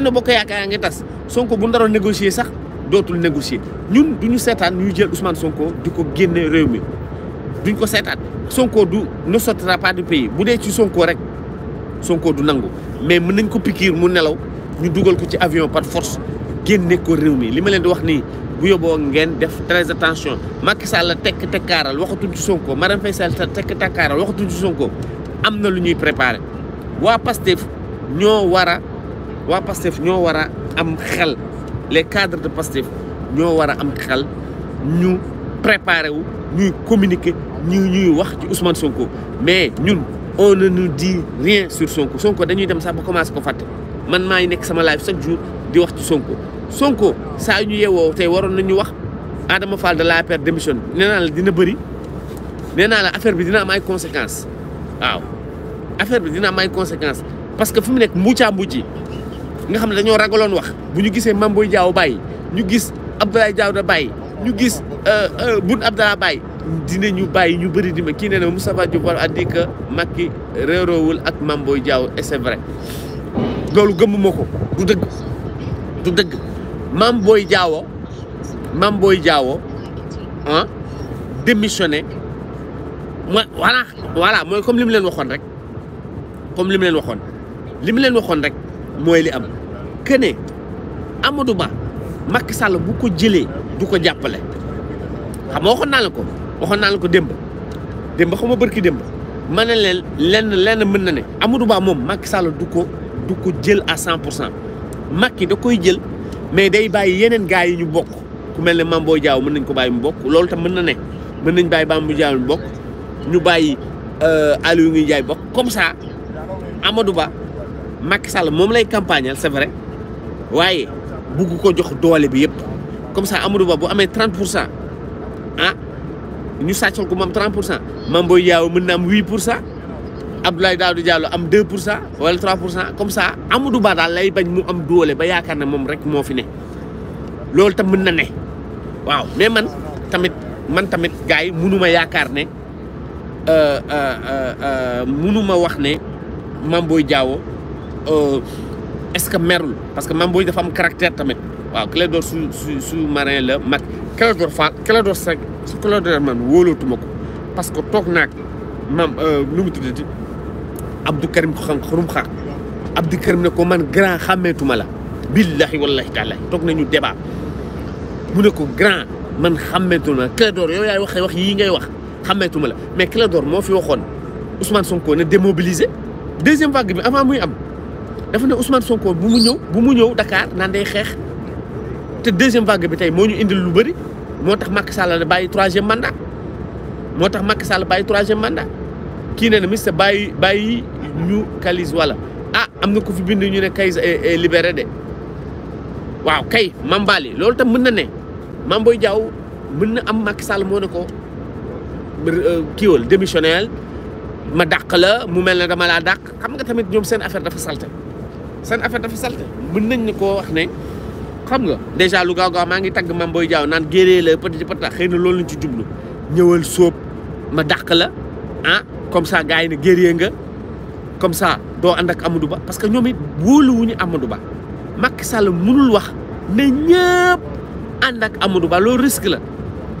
Speaker 1: nous bokk yaakaar ça, tass Sonko bu négocier sax nous négocier ñun du ñu jël Ousmane Sonko diko Sonko du ne sortira pas du pays bu ci Sonko rek Sonko du nangu mais mën ko mu nelaw ñu duggal ko ci par force génne ko réew mi wax ni bu yobo ngeen def très attention Macky Sall ci Sonko ci Sonko lu ñuy ñoo war a Pastef ñoo wara am xel les cadres de Pastef ñoo wara am xel ñu préparé wu ñuy communiquer ñu ñuy wax ci Ousmane Sonko mais ñun on ne nous dit rien sur Sonko Sonko dañuy dem sa ba commencé ko fàtte man m'a ngi nekk sama live chaque jour di wax ci Sonko Sonko sa ñu yeewoo tey waron nañu wax Adama Fall de perte démission nee la dina bëri nee la affaire bi dina am ay conséquences waaw affaire bi dina am ay conséquences. parce que fu mu nekk mbuucaa mbuuci nga xam ne dañoo ragaloon wax bu ñu gisee Mame Boye Diao bàyyi ñu gis Abdoulaye Daouda bàyyi ñu gis euh, euh, Boun Abdallah bàyyi dinañu bàyyi ñu bëri di ma kii nee na Moustapha Diop war a dit que ak Mame Boye Diao et c'est vrai loolu gëmmuma ko du dëgg du dëgg Mame Boye Diao Mame Boye Diao ah mooy voilà voilà mooy comme li leen waxoon rek comme li leen waxoon li mu leen waxoon rek mooy li am que ne Amadou Ba Macky Sall bu ko jëlee du ko jàppale xam nga waxoon naa la ko waxoon naa la ko démb démb xam nga bërki démb ma ne leen lenn lenn mën na ne Amadou Ba moom Macky Sall du ko du ko jël à cent pour cent Macky da koy jël mais day bàyyi yeneen gaa yi ñu bokk ku mel ne Mame Boye Diao mën nañ ko bàyyi mu bokk loolu tam mën na ne mën nañ bàyyi baam Boye Diao mu bokk ñu bàyyi yu euh, Ngouille jaay bokk comme sa Amadou Ba Macky Sall mom lay campagne c'est vrai waye bugg ko jox doole bi yëpp comme ça Amadou Ba bu amé 30 ah ñu satchal ko mom 30 pour cent Mame mën na am 8 Abdoulaye dadou Diallo am 2 wala 3 comme ça Amadou Ba dal lay bañ mu am doole ba yaakaar na mom rek mo fi né lool tam mën na né waaw mais man tamit man tamit gaay mënuma né euh euh euh euh mënuma wax né Mame Boye Diao Euh, est-ce que merul parce que même boy dafa am caractère tamit waaw Clédor su su sous-marin la mag Clédor Fall Clédor Seck su Clédor man wolotumako parce que tok nak mam euh mu tuddati Abdou Karim ko xam xurum xaar Abdou Karim ne ko man grand xàmmeetuma la billahi wallahi taala tok nañu débat mu ne ko grand man xàmmeetuma la Clédor yow yaay waxee wax yi ngay wax xàmmeetuma la mais Clédor mo fi waxone Ousmane Sonko ne démobilisé deuxième vague bi avant muy am dafa ne Ousmane Sonko bu mu ñëw bu mu ñëw dakaar naan day xeex te deuxième vague bi tey moo ñu indil lu bëri moo tax Macky Sall bàyyi troisième mandat moo tax Macky Sall bàyyi troisième mandat kii ne na mister bàyyi bàyyi ñu kalis wala ah am na ku fi bind ñu ne Kayz est libéré de waaw kay Mambali loolu tam mën na ne Mame Boye Diao mën na am Macky Sall moo ne ko euh, kiiwal démissionnel ma dàq la mu mel ne dama laa dàq xam nga tamit ñoom seen affaire dafa salte seen affaire dafa salte mun nañ ne koo wax ne xam nga dèjà lu gaaw gaaw maa ngi tagg Mame Boye Diao naan géeree la petit a xëy na loolu lañ ci jublu ñëwal sóob ma dàq la ah comme ça gars yi ne yee nga comme ça doo ànd ak Amadou Ba parce que ñoom it wóoluwuñu Amadou Ba Macky Sall mënul wax ne ñëpp ànd ak Amadou Ba loolu risque la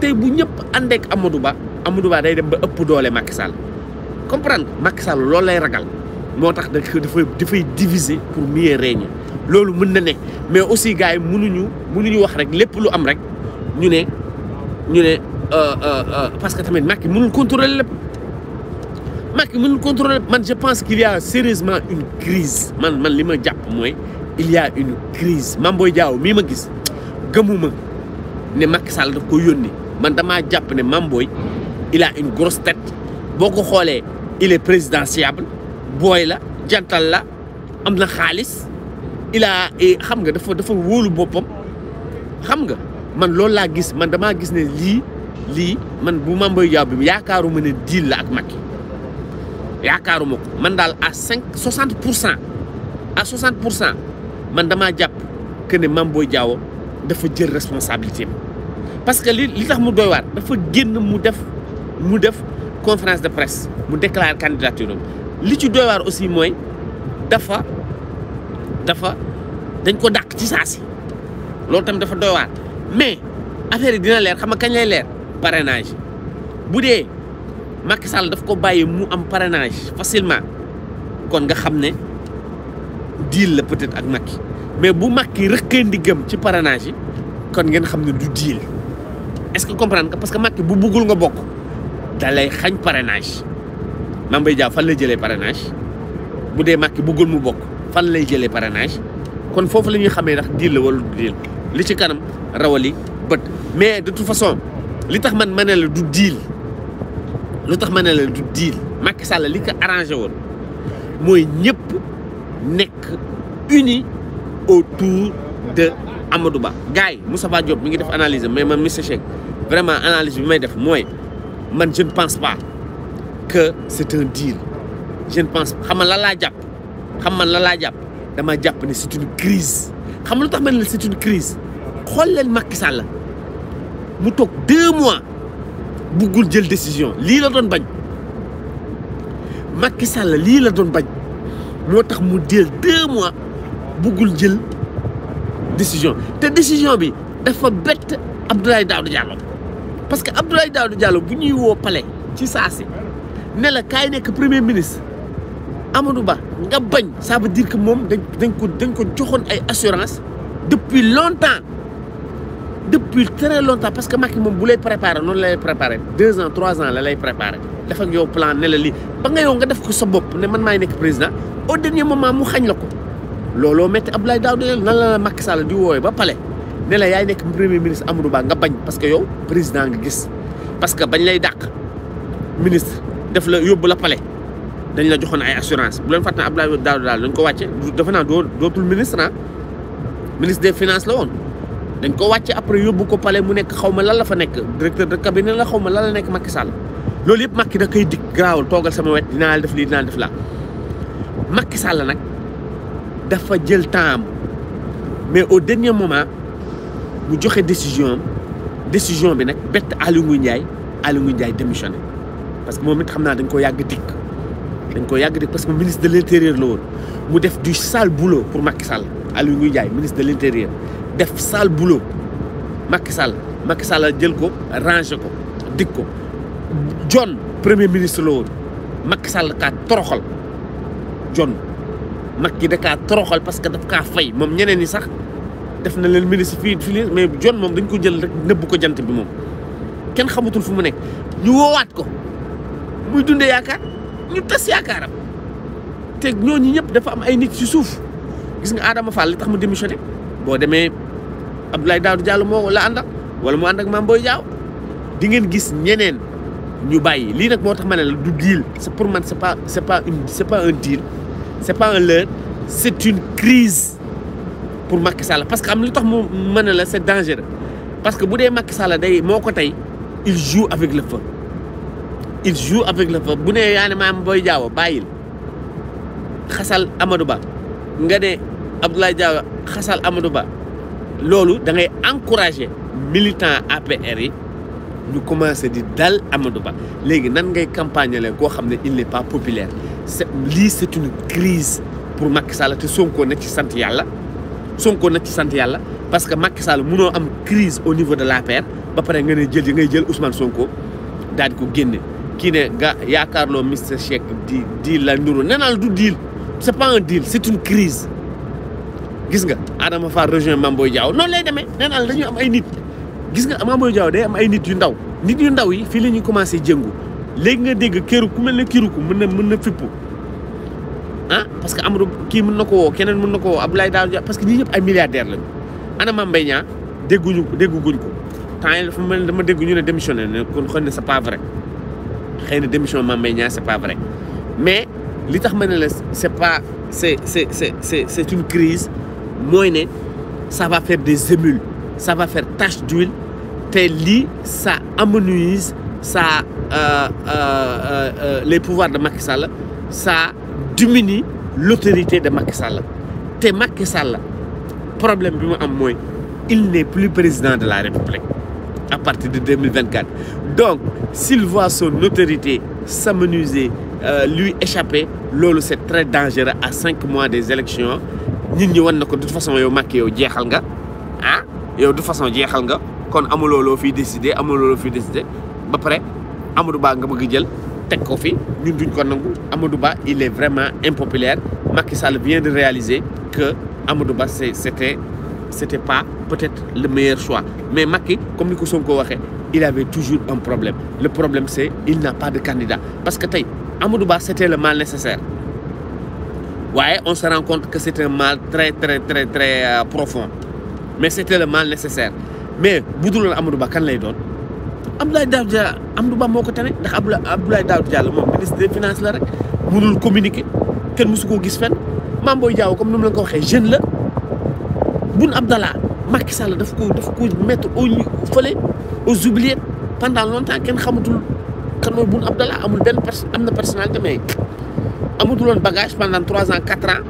Speaker 1: tey bu ñëpp ànd ak Amadou Ba Amadou Ba day dem ba ëpp doole Macky Sall comprendre Macky Sall loolu lay ragal. motax tax da dafay dafay diviser pour mieux régner lolou mën na ne mais aussi gars yi mënuñu mënuñu wax rek lepp lu am rek ñu ne ñu ne euh, euh, euh, parce que tamit Macky mënul contrôler lepp Macky mënul contrôler man je pense qu'il y a sérieusement une crise man man li ma jàpp il y a une crise mamboy diaw mi ma gis gëmuma ne Macky Sall daf ko yoni man dama japp né mamboy il a une grosse tête boko xolé il est présidentiable boy la jantal la am na xaalis ilaa eh, xam nga dafa dafa wolu bopam xam nga man loolu la gis man dama gis ne li li, man bu Mame Boye bi bi yaakaaruma ne dil la ak makki yaakaaruma mako man dal a 5 60% pour cent à soixante man dama japp que ne mambo jawo dafa jël responsabilité parce que li li tax mu doy waar dafa genn mu def mu def conférence de presse mu déclarer candidature li ci doy aussi mooy dafa dafa dañ ko dàq ci saa si loolu tamit dafa doy mais affaire yi dina leer xam nga kañ lay leer parenage bu dee Macky Sall daf ko bàyyi mu am parrainage facilement kon nga xam ne deal la peut-être ak Macky mais bu Macky rëqee ndigam ci parenage yi kon ngeen xam ne du deal est-ce que comprendre parce que Macky bu buggul nga bokk da xañ parenage Mame Mbaye Dia fan lay jëlee parrainage bu dee Macky bëggul mu bokk fan lay jëlee parrainage kon foofu la ñuy xamee ndax diil la wala du diil li ci kanam rawali bët mais de toute façon li tax man ma ne la du diil lu tax ma ne la du diil Macky Sall li ko arrangé woon mooy ñëpp nekk uni autour de Amadou Ba. gars yi Moustapha mu ngi def analyse mais ma Mister Shake vraiment analyse bi may def mooy man je ne que c'est un deal je ne pense xam nga lan laa jàpp xam man lan laa jàpp dama jàpp ne c'est une crise Je nga lu tax c'est une crise xool leen Macky Sall mu toog deux mois prendre jël décision lii la doon bañ Macky Sall lii la doon bañ moo tax mu jël deux mois prendre jël décision cette décision bi dafa bête Abdoulaye Daoud Diallo parce que Abdoulaye Daouda Diallo bu ñuy woo pale ci saa si ne la kaay nekk premier ministre Amadou Ba nga bañ ça veut dire moom dañ dañ ko dañ ko joxoon ay assurance depuis longtemps depuis très longtemps parce que Macky moom bu lay préparé noonu la lay préparé deux ans trois ans la lay préparé dafa ak yow plan nga yow nga def ko sa bopp ne man maay nekk président au dernier moment mu xañ la ko looloo métti Abdoulaye Daouda Diallo nan la la Macky Sall ba pale ne la yaay nekk premier ministre nga bañ parce que yow président nga gis parce que bañ lay dàq ministre def la yóbbu la pale dañ la joxoon ay assurance bu leen fàtte ne Abdoulaye Daouda daal dañ ko wàcce dafa naa doo dootul ministre ah ministre des finances la woon dañ ko wàcce après yóbbu ko palais mu nekk xaw ma lan la fa nekk directeur de cabinet la xaw ma lan la nekk Macky Sall loolu yëpp Macky da koy dig gaawul toogal sama wet dinaa def lii dinaa def laa Macky Sall nag dafa jël temps mais au dernier moment mu joxe décision am décision bi nag bett Aliou Ngouille Ndiaye Aliou Ndiaye démissionné parce que moom it xam naa dañ ko yàgg dikk dañ ko parce que ministre de l'intérieur intérieur la woon mu def du sale boulot pour Macky Sall Aliou Ndiaye ministre de l'intérieur, intérieur def sale boulot Macky Sall Macky Sall jël ko rangé ko dikk ko John premier ministre la woon Macky Sall kaa toroxal John Macky da kaa toroxal parce que daf kaa fay moom ñeneen ñi sax def na le ministre fi mais John mom dañ ko jël rek neub ko jant bi mom kenn xamatul fu mu nekk ñu woowaat ko. buy dundee yaakaar ñu tas yaakaaram te ñooñu ñëpp dafa am ay nit ci suuf gis nga Adama Fall li tax mu démissionné boo demee Abdoulaye Daouda jàll moo la àndal wala mu ànd ak Mame Boye Diao di ngeen gis ñeneen ñu bàyyi lii nag moo tax ma ne la du deal c'est pour man c'est pas c'est pas une c'est pas un deal c'est pas un leurre c'est une crise pour Macky Sall parce que am lu tax mu mën a la c'est dangereux parce que bu dee Macky Sall day moo ko tey il jour avec le feu il joue avec le peuple bu ne yaa maam Boy Diawo bayil. Khassal Amadou Ba nga ne Abdoulaye Diawo xasal Amadou Ba da ngay encourager militant APR yi ñu commencer di dal Amadouba. Ba léegi nan ngay campagne le ko xam il n'est pas populaire c'est li c'est une crise pour Macky Sall te Sonko na ci sante Yalla. Sonko na ci sante Yalla parce que Macky Sall munoo am crise au niveau de l'APR ba paré nga jël ngay jël Ousmane Sonko daal di ko génne kii ne ga yaakaarloo Mister Shake di deal la nduru nee du deal c'est pas un deal c'est une crise gis nga Adama fa rejoint Mamboy Diaw non lay demee nee naa dañu am ay nit gis nga Mamboy Diaw day am ay nit yu ndaw nit yu ndaw yi fi la commencé jëngu léegi nga dégg këru ku mel ne këru ku mën na mën na ah, parce que amru ki mën ko woo keneen mën ko woo Abdoulaye Daouda parce que ñi ñep ay milliardaires lañu ana Mame dégguñu Niang dégguñu ko tan yii dafa mel dama dégg ñu né démissionné né kon xone ne pas vrai. Rien de démission c'est pas vrai mais li pas c'est c'est c'est une crise moyenne, ça va faire des émules ça va faire tache d'huile t'es ça amenuise ça euh, euh, euh, les pouvoirs de Macky Sall ça diminue l'autorité de Macky Sall te Macky Sall problème bi moins, il n'est plus président de la République à partir de 2024 donc s'il voit son autorité s'amenuiser euh, lui échapper lolo c'est très dangereux à cinq mois des élections nit ñi wan ko de toute façon yow maké yow jéxal nga ah yow de toute façon jéxal nga kon amuloo loo fiy décider amuloo loo fiy décider ba pare Amadou Ba nga bëgg jël teg ko fi ñun duñ ko nangu Amadou Ba il est vraiment impopulaire Macky Sall vient de réaliser que Amadou Ba c'était c'était pas peut-être le meilleur choix mais Macky comme ni ko Sonko il avait toujours un problème le problème c'est il n'a pas de candidat parce que tey Amadou Ba c'était le mal nécessaire ouais on se rend compte que c'était un mal très très très très euh, profond mais c'était le mal nécessaire mais bu dul woon Amadou Ba kan lay doon Abdoulaye Daouda Diallo Amadou Ba moo tane ndax Abdoulaye Daouda Diallo le ministre des finances là rek communiqué. communiquer est-ce que vous fenn Mame Boye Diao comme nous l'avons la jeune Boun Abdallah Macky Sall dafa ko daf ko mettre au ñu fële aux oubliettes pendant longtemps kenn xamatul kan mooy Boun Abdallah amul benn personne am na personnalité mais amatuloon bagage pendant trois ans quatre ans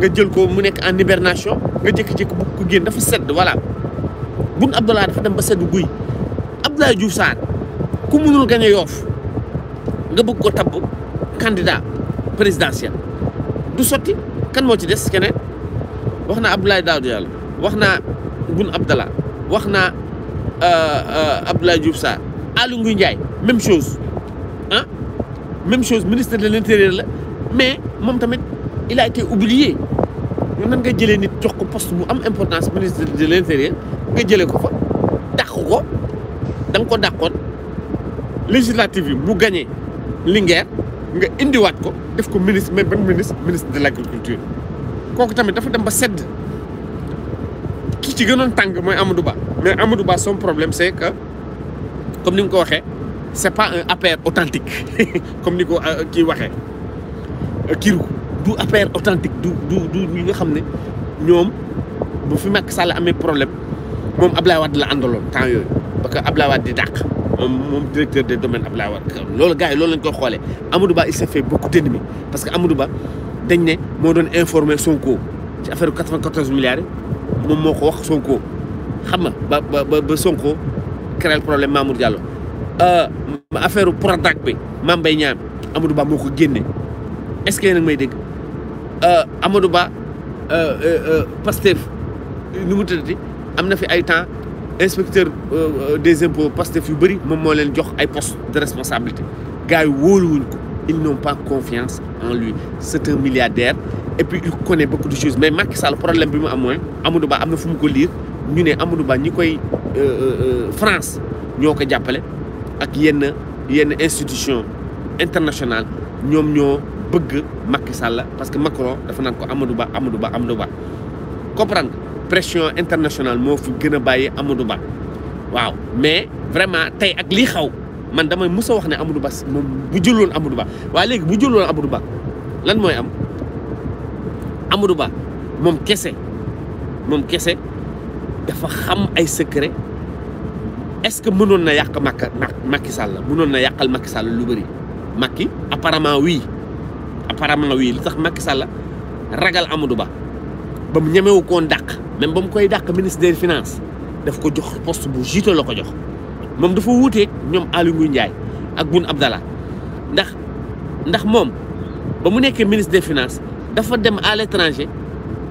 Speaker 1: nga jël ko mu nekk en hibernation nga jékki-jékki bu ko génn dafa sedd voilà Boun Abdallah dafa dem ba sedd guy Abdoulaye Diouf Sarr ku mënul gañ yoof nga bëgg ko tabb candidat présidentiel du sotti kan moo ci des keneen. wax naa Abdoulaye Daouda Diallo wax naa Boun Abdallah wax naa euh, euh, Abdoulaye Diouf Sarr Aly Ngouille Ndiaye même chose ah même chose ministre de l'intérieur la mais moom tamit il a été oublié nan nga jële nit jox ko poste bu am importance ministre de l'intérieur nga jëlee ko fa dàq ko danga nga ko dàqoon législative yi mu gagné Linguère nga indiwaat ko def ko ministre mais ban ministre ministre de l'agriculture kooku tamit dafa dem ba sedd ki ci gënoon tàng mooy Amadou Ba mais Amadou Ba son problème c' est que comme ni nga ko waxee c' est pas un APR authentique comme ni ko euh, kii waxee kiiru du APR authentique du du du ñi nga xam ne ñoom bu fi Macky Sall amee problème moom Ablaye Wade la àndaloon temps yooyu parce que Ablaye Wade di dàq moom directeur de domaines ab Wade loolu gars yi loolu lañ koy xoolee Amadou Ba il s' est fait beaucoup d' parce que Amadou Ba. dañ ne doon Sonko ci affaire 94 milliards mom moko wax Sonko xam ba ba ba Sonko problème Mamour Diallo euh, affaire Prodac bi Amadou Ba est-ce que may euh, Amadou Ba euh, Pastef temps inspecteur des impôts Pastef yu bëri mom de responsabilité ils n'ont pas confiance en lui c'est un milliardaire et puis il connaît beaucoup de choses mais Macky Sall problème bi mu am mooy Amadou Ba am na fu Nous, ko liir Amadou Ba ñi koy euh, euh, euh, France ñoo ko jàppale ak yenn yenn institution internationale ñoom ñoo bëgg Macky Sall parce que Macron dafa naan ko Amadou Ba Amadou Ba Amadou Ba comprendre pression internationale c'est fi gën a bàyyi Amadou Ba waaw mais vraiment tey ak xaw. man damay musa wax ne Amadou Ba bu jël Amadou Ba wa léegi bu jël Amadou Ba lan moy am Amadou Ba mom kese mom kese dafa xam ay secret est-ce que mënon na yak mak Macky Sall mënon na yakal Macky Sall lu bari Macky apparemment oui apparemment oui li tax Sall ragal Amadou Ba bam mu ñemewu koon dàq même bam koy dak ministre des finances daf ko jox poste bu jité lako jox. moom dafa wouté ñom Aly Ngouille Ndiaye ak Boun Abdallah ndax ndax mom ba mu nekk ministre des finances dafa dem à l'étranger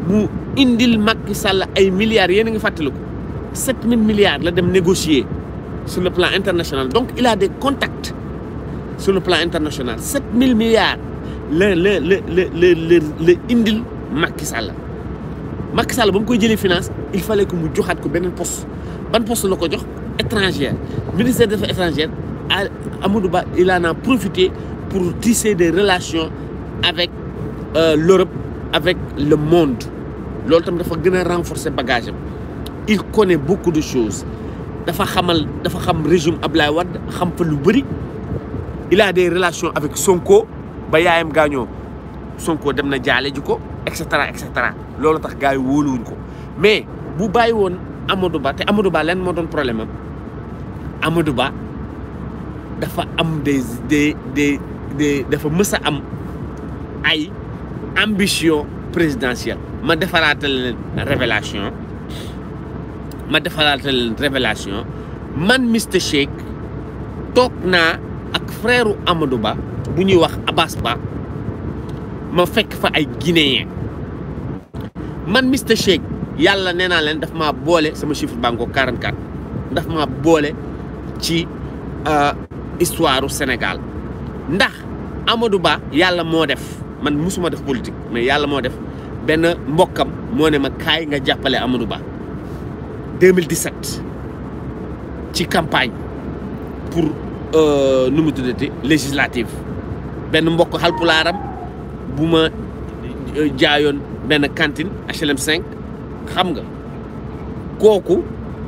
Speaker 1: mu indil Macky Sall ay milliards yéen nga sept mille milliards la dem négocier sur le plan international donc il a des contacts sur le plan international sept mille milliards le, le, le, le, le, le indil Macky Sall Macky Sall ba finances, koy finance il fallait que mu joxat ko benen poste ban poste lako jox étrangère, ministère des affaires étrangères Amadou Ba il en a profité pour tisser des relations avec euh, l'Europe avec le monde loolu tam dafa gën renforcer bagage il connaît beaucoup de choses dafa xamal dafa xam régime Ablaye Wad, xam fa lu bëri il a des relations avec Sonko ba yaayam Sonko Demna na jaale ji etc., etc, cetera et tax gars yi wóoluwuñ ko mais bu Amadou Ba Amadou Ba leen moo doon problème Amadou Ba dafa am des des des des dafa mës a am ay ambition présidentielle ma defaraatal leen révélation ma defaraatal leen révélation man Mister Shake toog naa ak frère Amadou Ba bu ñuy wax Abbas Ba ma fekk fa ay guinéen man Mister Shake yàlla nee naa leen daf maa boole sama chiffre banco 44 daf maa boole ci euh, histoire Sénégal ndax Amadou Ba yalla mo def man musuma def politique mais yalla mo def ben mbokam mo ne ma kay nga jappalé Amadou Ba 2017 ci campagne pour euh mu tuddati législative ben mbok halpularam buma ma ben cantine HLM 5 xam nga kooku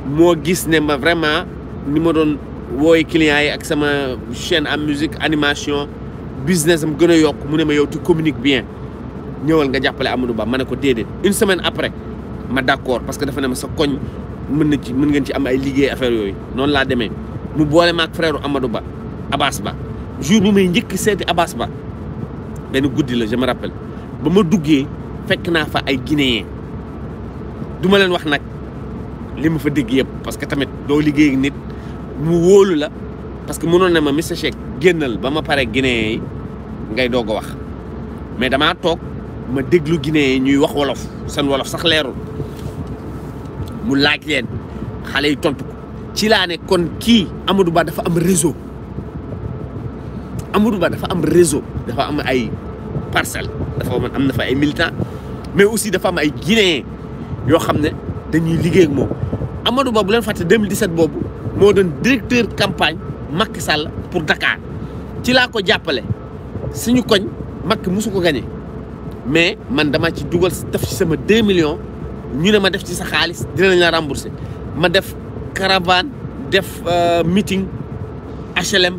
Speaker 1: mo gis ne ma vraiment. ni ma doon wooye clients yi ak sama chaîne am musique animation business mu gën a yokk mu ne ma yow tu communique bien ñëwal nga jàppale Amadou Ba ma ne ko déedéet une semaine après ma d'accord parce que dafa ne ma sa koñ mën na ci mën ngeen ci am ay liggéey affaire yooyu noonu laa demee mu boole ma ak frère Amadou Ba Abbas Ba jour bi may njëkk seeti Abbas Ba benn guddi la je me rappelle ba ma duggee fekk naa fa ay guinéen duma leen wax nag li ma fa dégg yëpp parce que tamit doo liggéey nit. mu wóolu la parce que mënoon na ma Mister Shake génnal ba ma pare Guinée yi ngay doog a wax mais damaa toog ma déglu Guinée yi ñuy wax wolof seen wolof sax leerul mu laaj leen xale yi tontu ko ci laa ne kon kii Amadou Ba dafa am réseau Amadou Ba dafa am réseau dafa am ay parcelles dafa man am na fa ay militants mais aussi dafa am ay Guinéens yoo xam ne dañuy liggéey ak moom Amadou Ba bu leen fàtte 2017 boobu. moo doon directeur campagne Macky Sall pour Dakar ci laa ko jàppale suñu koñ Macky musu ko gagné mais man dama ci dugal def ci sama 2 millions ñu ne ma def ci sa xaalis dina la rembourser ma def caravane def euh, meeting HLM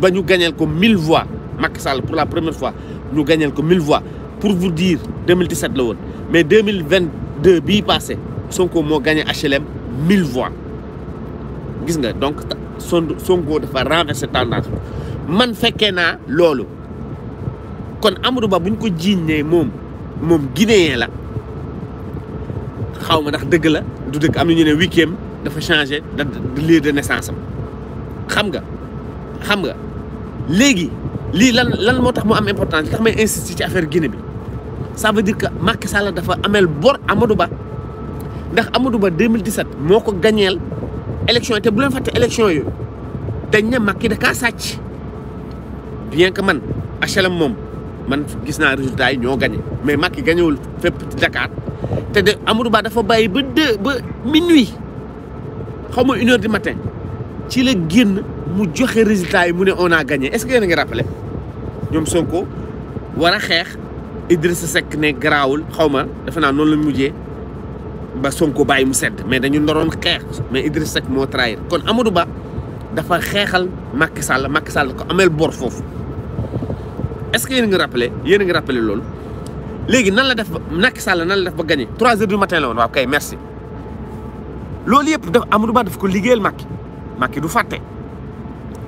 Speaker 1: ba ñu gañeel ko 1000 voix Macky Sall pour la première fois ñu gañeel ko 1000 voix pour vous dire 2017 la won mais 2022 bi passé Sonko mo gagné HLM 1000 voix. gis nga donc Sonko dafa renverser tendance man fekkee naa loolu kon Amadou Ba buñ ko jiiñ mom mom guinéen la xaw ma ndax deug la du deug am ñu né huitième dafa changer de lieu de naissance xam nga xam nga légui li lan lan motax tax mu am importance tax may insister ci affaire guiné bi ça veut dire que Macky Sall dafa amel bor Amadou Ba ndax Amadou Ba 2017 moko ko élection yi te bu leen fàtte élection yooyu dañ ne Macky da kaa sàcc bien que man HLM moom man gis naa résultat yi ñoo gagné mais Macky gañewul fépp di Dakar te de Amadou Ba dafa bàyyi ba deux ba minuit xaw ma une heure matin ci la génn mu joxe résultat yi mu ne on a gagné est ce que yéen a ngi rappelé ñoom Sonko war a xeex Idrissa Seck ne garaawul xaw ma dafa naa noonu la mujjee. ba Sonko bàyyi mu sedd mais dañu ndoroon xeex mais Idriss Seck moo trahir kon Amadou Ba dafa xeexal Macky Sall makki Sall ko ameel bor foofu est-ce que yéen a ngi rappelé yéen ngi rappelé loolu léegi nan la def ba Macky Sall nan la def ba gagné trois heures du matin la woon waaw kay merci loolu yëpp dafa Amadou Ba daf ko liggéeyal Macky Macky du fàtte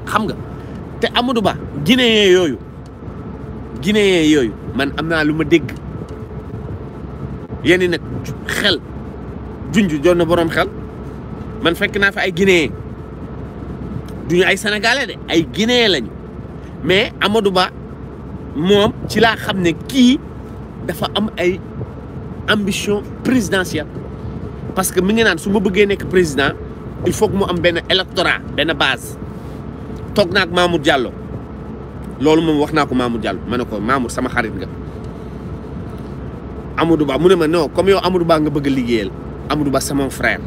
Speaker 1: xam nga te Amadou Ba guinéen yooyu guinéen yooyu man am naa lu ma dégg yéen nag xel. junju jonne borom xel man fekk na fa ay guinéen duñu ay sénégalais de ay guinéen lañu mais Amadou Ba mom ci la xamné ne dafa am ay ambition présidentielle parce que mi ngi naan suma bëggé nek président il faut que mu am ben électorat ben base tok nak Mamour Diallo lolou mom wax naa ko Mamour Diallo mané ko Mamour sama xarit nga Amadou Ba mu ne ma non comme yow Amadou Ba nga bëgg liggéeyal. Amadou Ba sama frère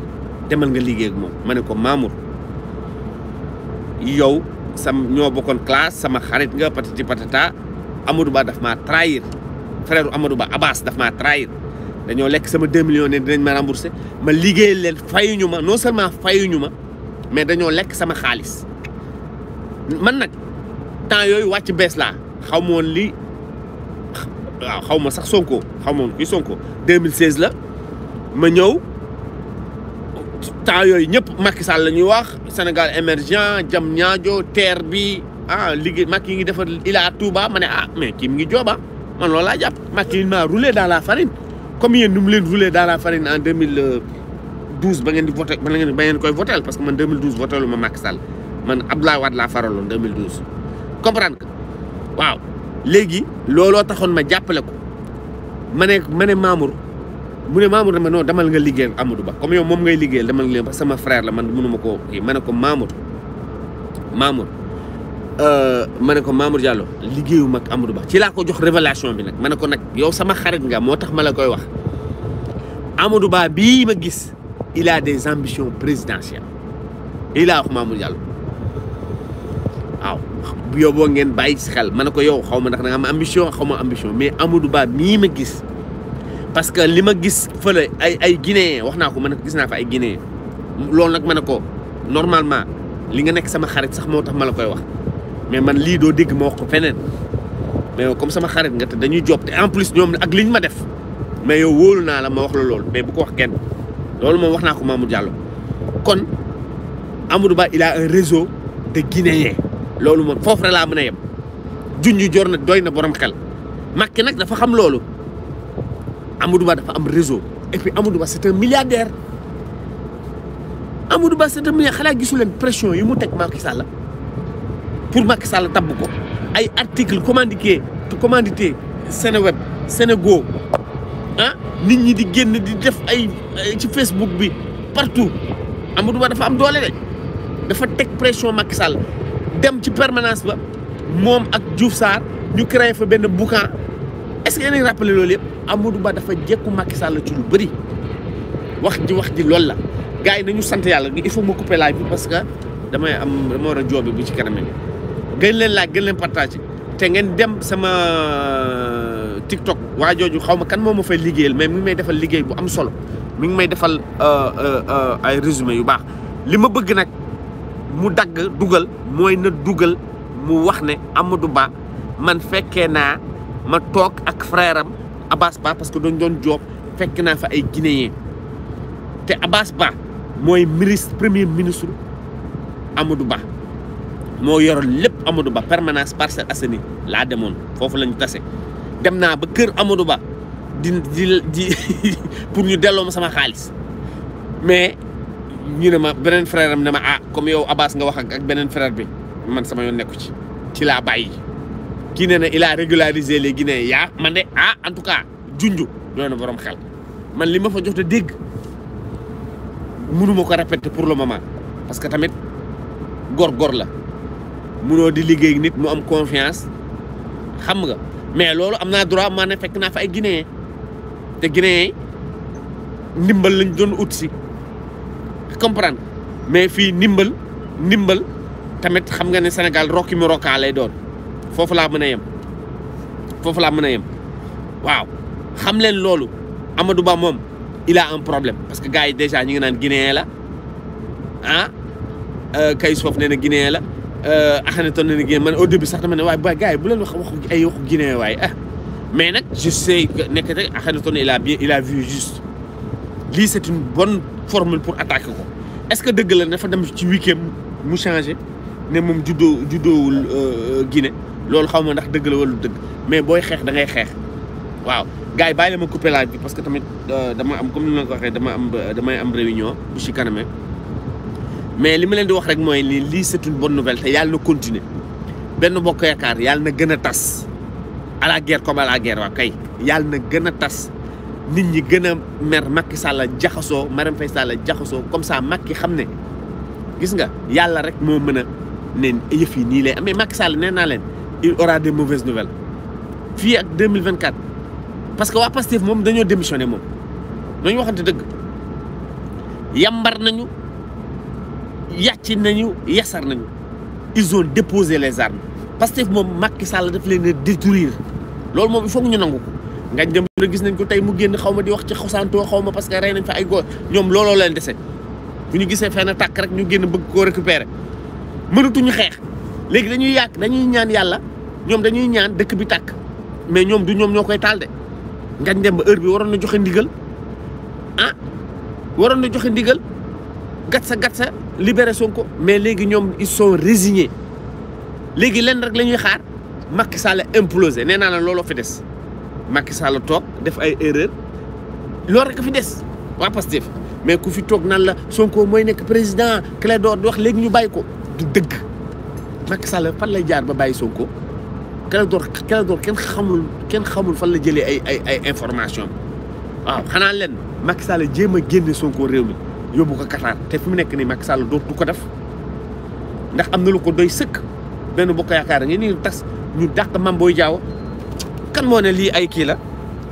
Speaker 1: demal nga liggéey ak mom ma ko Mamour yow sam ño bokon classe sama xarit nga patati patata Amadou Ba daf ma trahir frère Amadou Ba Abbas daf ma trahir dañu lek sama 2 millions ne dinañ ma rembourser ma liggéey len fayuñu ma non seulement fayuñu ma mais dañu lek sama xaalis man nak tan yoy wacc bes la xawmon li xawma sax Sonko xawmon ki Sonko 2016 la ma ñew temps yooyu ñëpp Macky Sall la ñuy wax Sénégal émergent jam ñaajo terre bi ah liggéey Macky yi ngi defar Ila Touba ma ne ah mais kii mi ngi jooba man loolu laa jàpp Macky il m'a roulé dans la farine comme yéen nu mu leen roulé dans la farine en 2012 ba ngeen di voté ba ngeen ba ngeen koy votel parce que man 2012 voté lu ma Macky Sall man Abdoulaye Wade laa faraloon 2012 comprendre que waaw léegi looloo taxoon ma jàppale ko ma ne ma ne Mamour mune Mamour dama non damal nga liguel Amadou Ba comme yow mom ngay liguel damal nga sama frère la man mënuma ko ma ne ko Mamour Mamour euh ne ko Mamour Diallo liggéeyuma mak Amadou Ba ci la ko jox révélation bi nak yow sama xarit nga motax mala koy wax Amadou Ba bi ma gis il a des ambitions présidentielles il a wax Mamour Diallo waaw yo bo ngeen bàyyi xel ma ko yow xawma nga am ambition xawma ambition mais Amadou Ba mi ma gis parce que li ma gis fële ay ay guinéen wax naa ko man gis naa fa ay guinéen loolu nag ma ne ko normalement li nga nekk sama xarit sax moo tax ma la koy wax mais man lii doo dégg ma wax ko feneen mais comme sama xarit nga te dañuy job te en plus ñoom ak liñ ma def mais yow wóolu naa la ma wax la loolu mais bu ko wax kenn loolu moom wax naa ko Mamour Diallo kon Amadou Ba il a un réseau de guinéens loolu moom foofu rek laa mën a yem junj jor na doy na borom xel Macky nag dafa xam loolu. Amadou Ba dafa am réseau et puis Amadou Ba c'est un milliardaire Amadou Ba c'est un milliardaire xanaa gisu leen pression yi mu teg Macky Sall pour Macky Sall tabb ko ay article commandiqué commandité web, Senego Hein? nit ñi di génn di def ay ci Facebook bi partout Amadou Ba dafa am doole de dafa pression Macky Sall dem ci permanence ba moom ak Diouf Sarr ñu créé fa benn boucan est-ce que yéen a ngi rappelé loolu yëpp Amadou Ba dafa jekku Macky Sall ci lu bëri wax ji wax ji loolu la gaay yi nañu sant yàlla il faut mo couper la vie parce que dama am mo ra a bu ci kanam gën leen la gën leen partager té ngeen dem sama euh, TikTok waa jooju xaw kan moma fay liggéeyal mais mi may defal liggéey bu am solo mi ngi may defal euh, euh, ay résumé yu bax lima bëgg nak mu dag dugal moy na dugal mu wax né Amadou Ba man fekké na ma toog ak frère am Abbas Ba parce que doon doon job fekk naa fa ay guinéen te Abbas Ba mooy ministre premier ministre Amadou Ba moo yoroon lépp Amadou Ba permanence Parcelles assani laa demoon foofu lañu tase dem naa ba kër Amadou Ba di di di pour ñu delloo ma sama xaalis mais ñu ne ma beneen frère am ne ma ah comme yow Abbas nga wax ak beneen frère bi man sama yoon nekku ci ci laa bàyyi. kii nee na il a régularisé les Guinéens yaa man de ah en tout cas junj doy na borom xel man li ma fa jox te dégg mënuma ko répéter pour le moment parce que tamit góor-góor la munoo di liggéey nit mu am confiance xam nga mais loolu am naa droit ma ne fekk naa fa ay Guinéen te Guinéen ndimbal lañ doon ut si comprendre mais fii ndimbal ndimbal tamit xam nga ne Sénégal rokki mi rokaa lay doon. foofu laa mën a yem foofu laa mën a yem waaw xam leen loolu Amadou Ba moom il a un problème parce que gars yi déjà ñu ngi naan guinéen la ah euh, kay soof nee na Guinée la euh, Akhenaton nee na guinéen man au début sax dama ne waaye gars yi bu leen wax waxu ay waxu Guinée waaye ah mais nag je sais que nekk rek Akhenaton il a bien il a vu juste lii c'est une bonne formule pour attaquer ko est-ce que dëgg la dafa dem ci week mu changé ne moom juddoo juddoowul euh, Guinée loolu xaw ma ndax dëgg la wala dëgg mais booy xeex dangay xeex waaw gars yi bàyyi la ma coupé laaj bi parce que tamit euh, dama am comme ni ma ko waxee dama am euh, damay am réunion bu ci kaname mais li ma leen di wax rek mooy lii lii c'est une bonne nouvelle te yàlla na benn bokk yaakaar yàlla na gën a tas à la guerre comme à kay yàlla na gën a tas nit ñi gën a mer Macky Sall jaxasoo Marème jaxasoo comme ça Macky xam ne gis nga yàlla rek moo mën a ne yëf yi nii lay amee Macky Sall nee naa leen. il aura des mauvaises nouvelles fii ak 2024 parce que waa Pastef moom dañoo démissionné moom dañu waxante dëgg yambar nañu yàcc nañu yasar nañu ils ont déposé les armes Pastef moom Macky daf leen détruire loolu moom il faut ñu nangu ko ngañ dem na gis nañ ko tey mu génn xaw ma di wax ci xawsaantoo xaw ma parce que rey nañ fa ay góor ñoom looloo leen dese bu ñu gisee fenn tàkk rek ñu génn bëgg koo récupérer mënatuñu xeex léegi dañuy yak dañuy ñaan yalla ñom dañuy ñaan dëkk bi tak mais ñom du ñom ñoo tal de ngañ dem ba heure bi waron na joxe ndigal ah waron na joxe ndigal gat sa gat sa libéré Sonko mais léegi ñom ils sont résignés léegi lenn rek lañuy xaar Macky Sall implosé nee naa la looloo fi dess Macky Sall toog def ay erreur loolu rek fi dess wa waa def mais ku fi tok nan la Sonko moy nek président clé d'or wax léegi ñu bàyyi ko du dëgg. Macky Sall fan lay jaar ba bàyyi Sonko Clédor Clédor kenn xamul kenn xamul fan la jëlee ay ay ay information waaw xanaa leen Macky Sall jéem a génne Sonko réew mi yóbbu ko Qatar te fi mu nekk nii Macky Sall dootu ko def ndax am na lu ko doy sëkk benn bokk yaakaar nga ni tas ñu dàq Mame Boye Diao kan moo ne lii ay kii la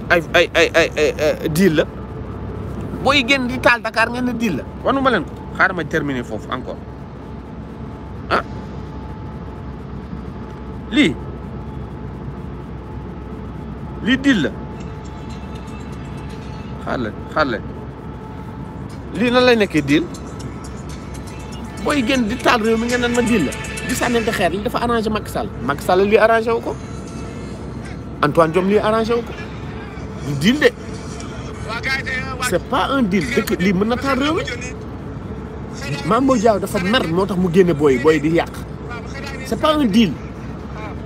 Speaker 1: ay ay ay ay diil la booy génn di taal Dakar ngeen ne diil la wanu ma leen ko xaaral ma terminer foofu encore. lii lii dil la xaar leen xaar leen lii nan lay nekkee dil booy génn di taal réew mi ngeen nan ma dil la di sànnante xeer li dafa arrangé Macky Sall Macky Sall lii arrangé wu ko Antoine Diome lii arrangé wu ko du dil de c'est pas un deal dëkk lii mën na taal réew mi Mame Boye Diao dafa mer moo tax mu génne booy booy di yàq c'est pas un deal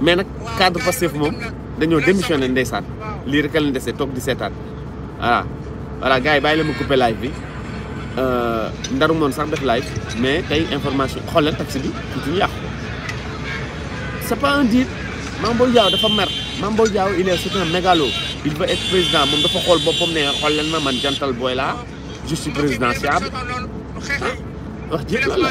Speaker 1: mais nag cadre Pastef moom dañoo démissionné ndeysaan lii rek a leen dese toog di seetaan voilà voilà gars yi bàyyi la ma coupé live bi euh, ndaru moon sax def live mais tey information xool leen taxi bi tuuti yàqu ko c'est pas un dire Mame Boye dafa mer Mame Boye Diao il est c'est un mégalo il veut être moom dafa xool boppam ne xool leen ma man jantal booy laa je suis présidentiable ah wax jëpp la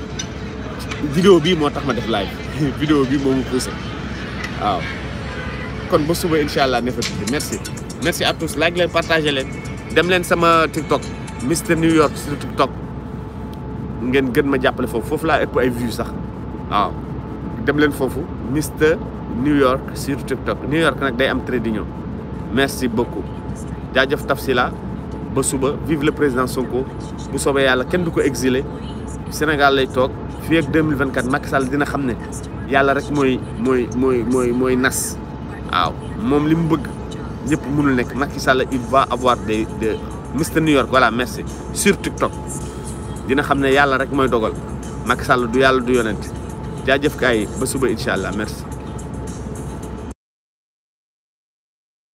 Speaker 1: vidéo bii moo tax ma def laaj vidéo bii moo mu poussé waaw kon ba suba incha allah Nefertiti merci merci à tous laaj leen partagé leen dem leen sama TikTok Mister New York sur TikTok ngeen gën ma jàppale foofu foofu laa ëpp ay vues sax waaw dem leen foofu Mister New York sur TikTok New York nag day am trait d'union merci beaucoup jaajëf Tafsila ba suba vive le président Sonko bu soobee yàlla kenn du ko exilé Sénégal lay toog. fii ak 2024 Macky Sall dina xam ne yàlla rek mooy mooy mooy mooy mooy nas waaw moom li mu bëgg ñëpp mënul nekk Macky Sall il va avoir de des Mister New York voilà merci sur TikTok dina xam ne yàlla rek mooy dogal Macky Sall du yàlla du yonent jaajëf kaay ba suba incha allah merci.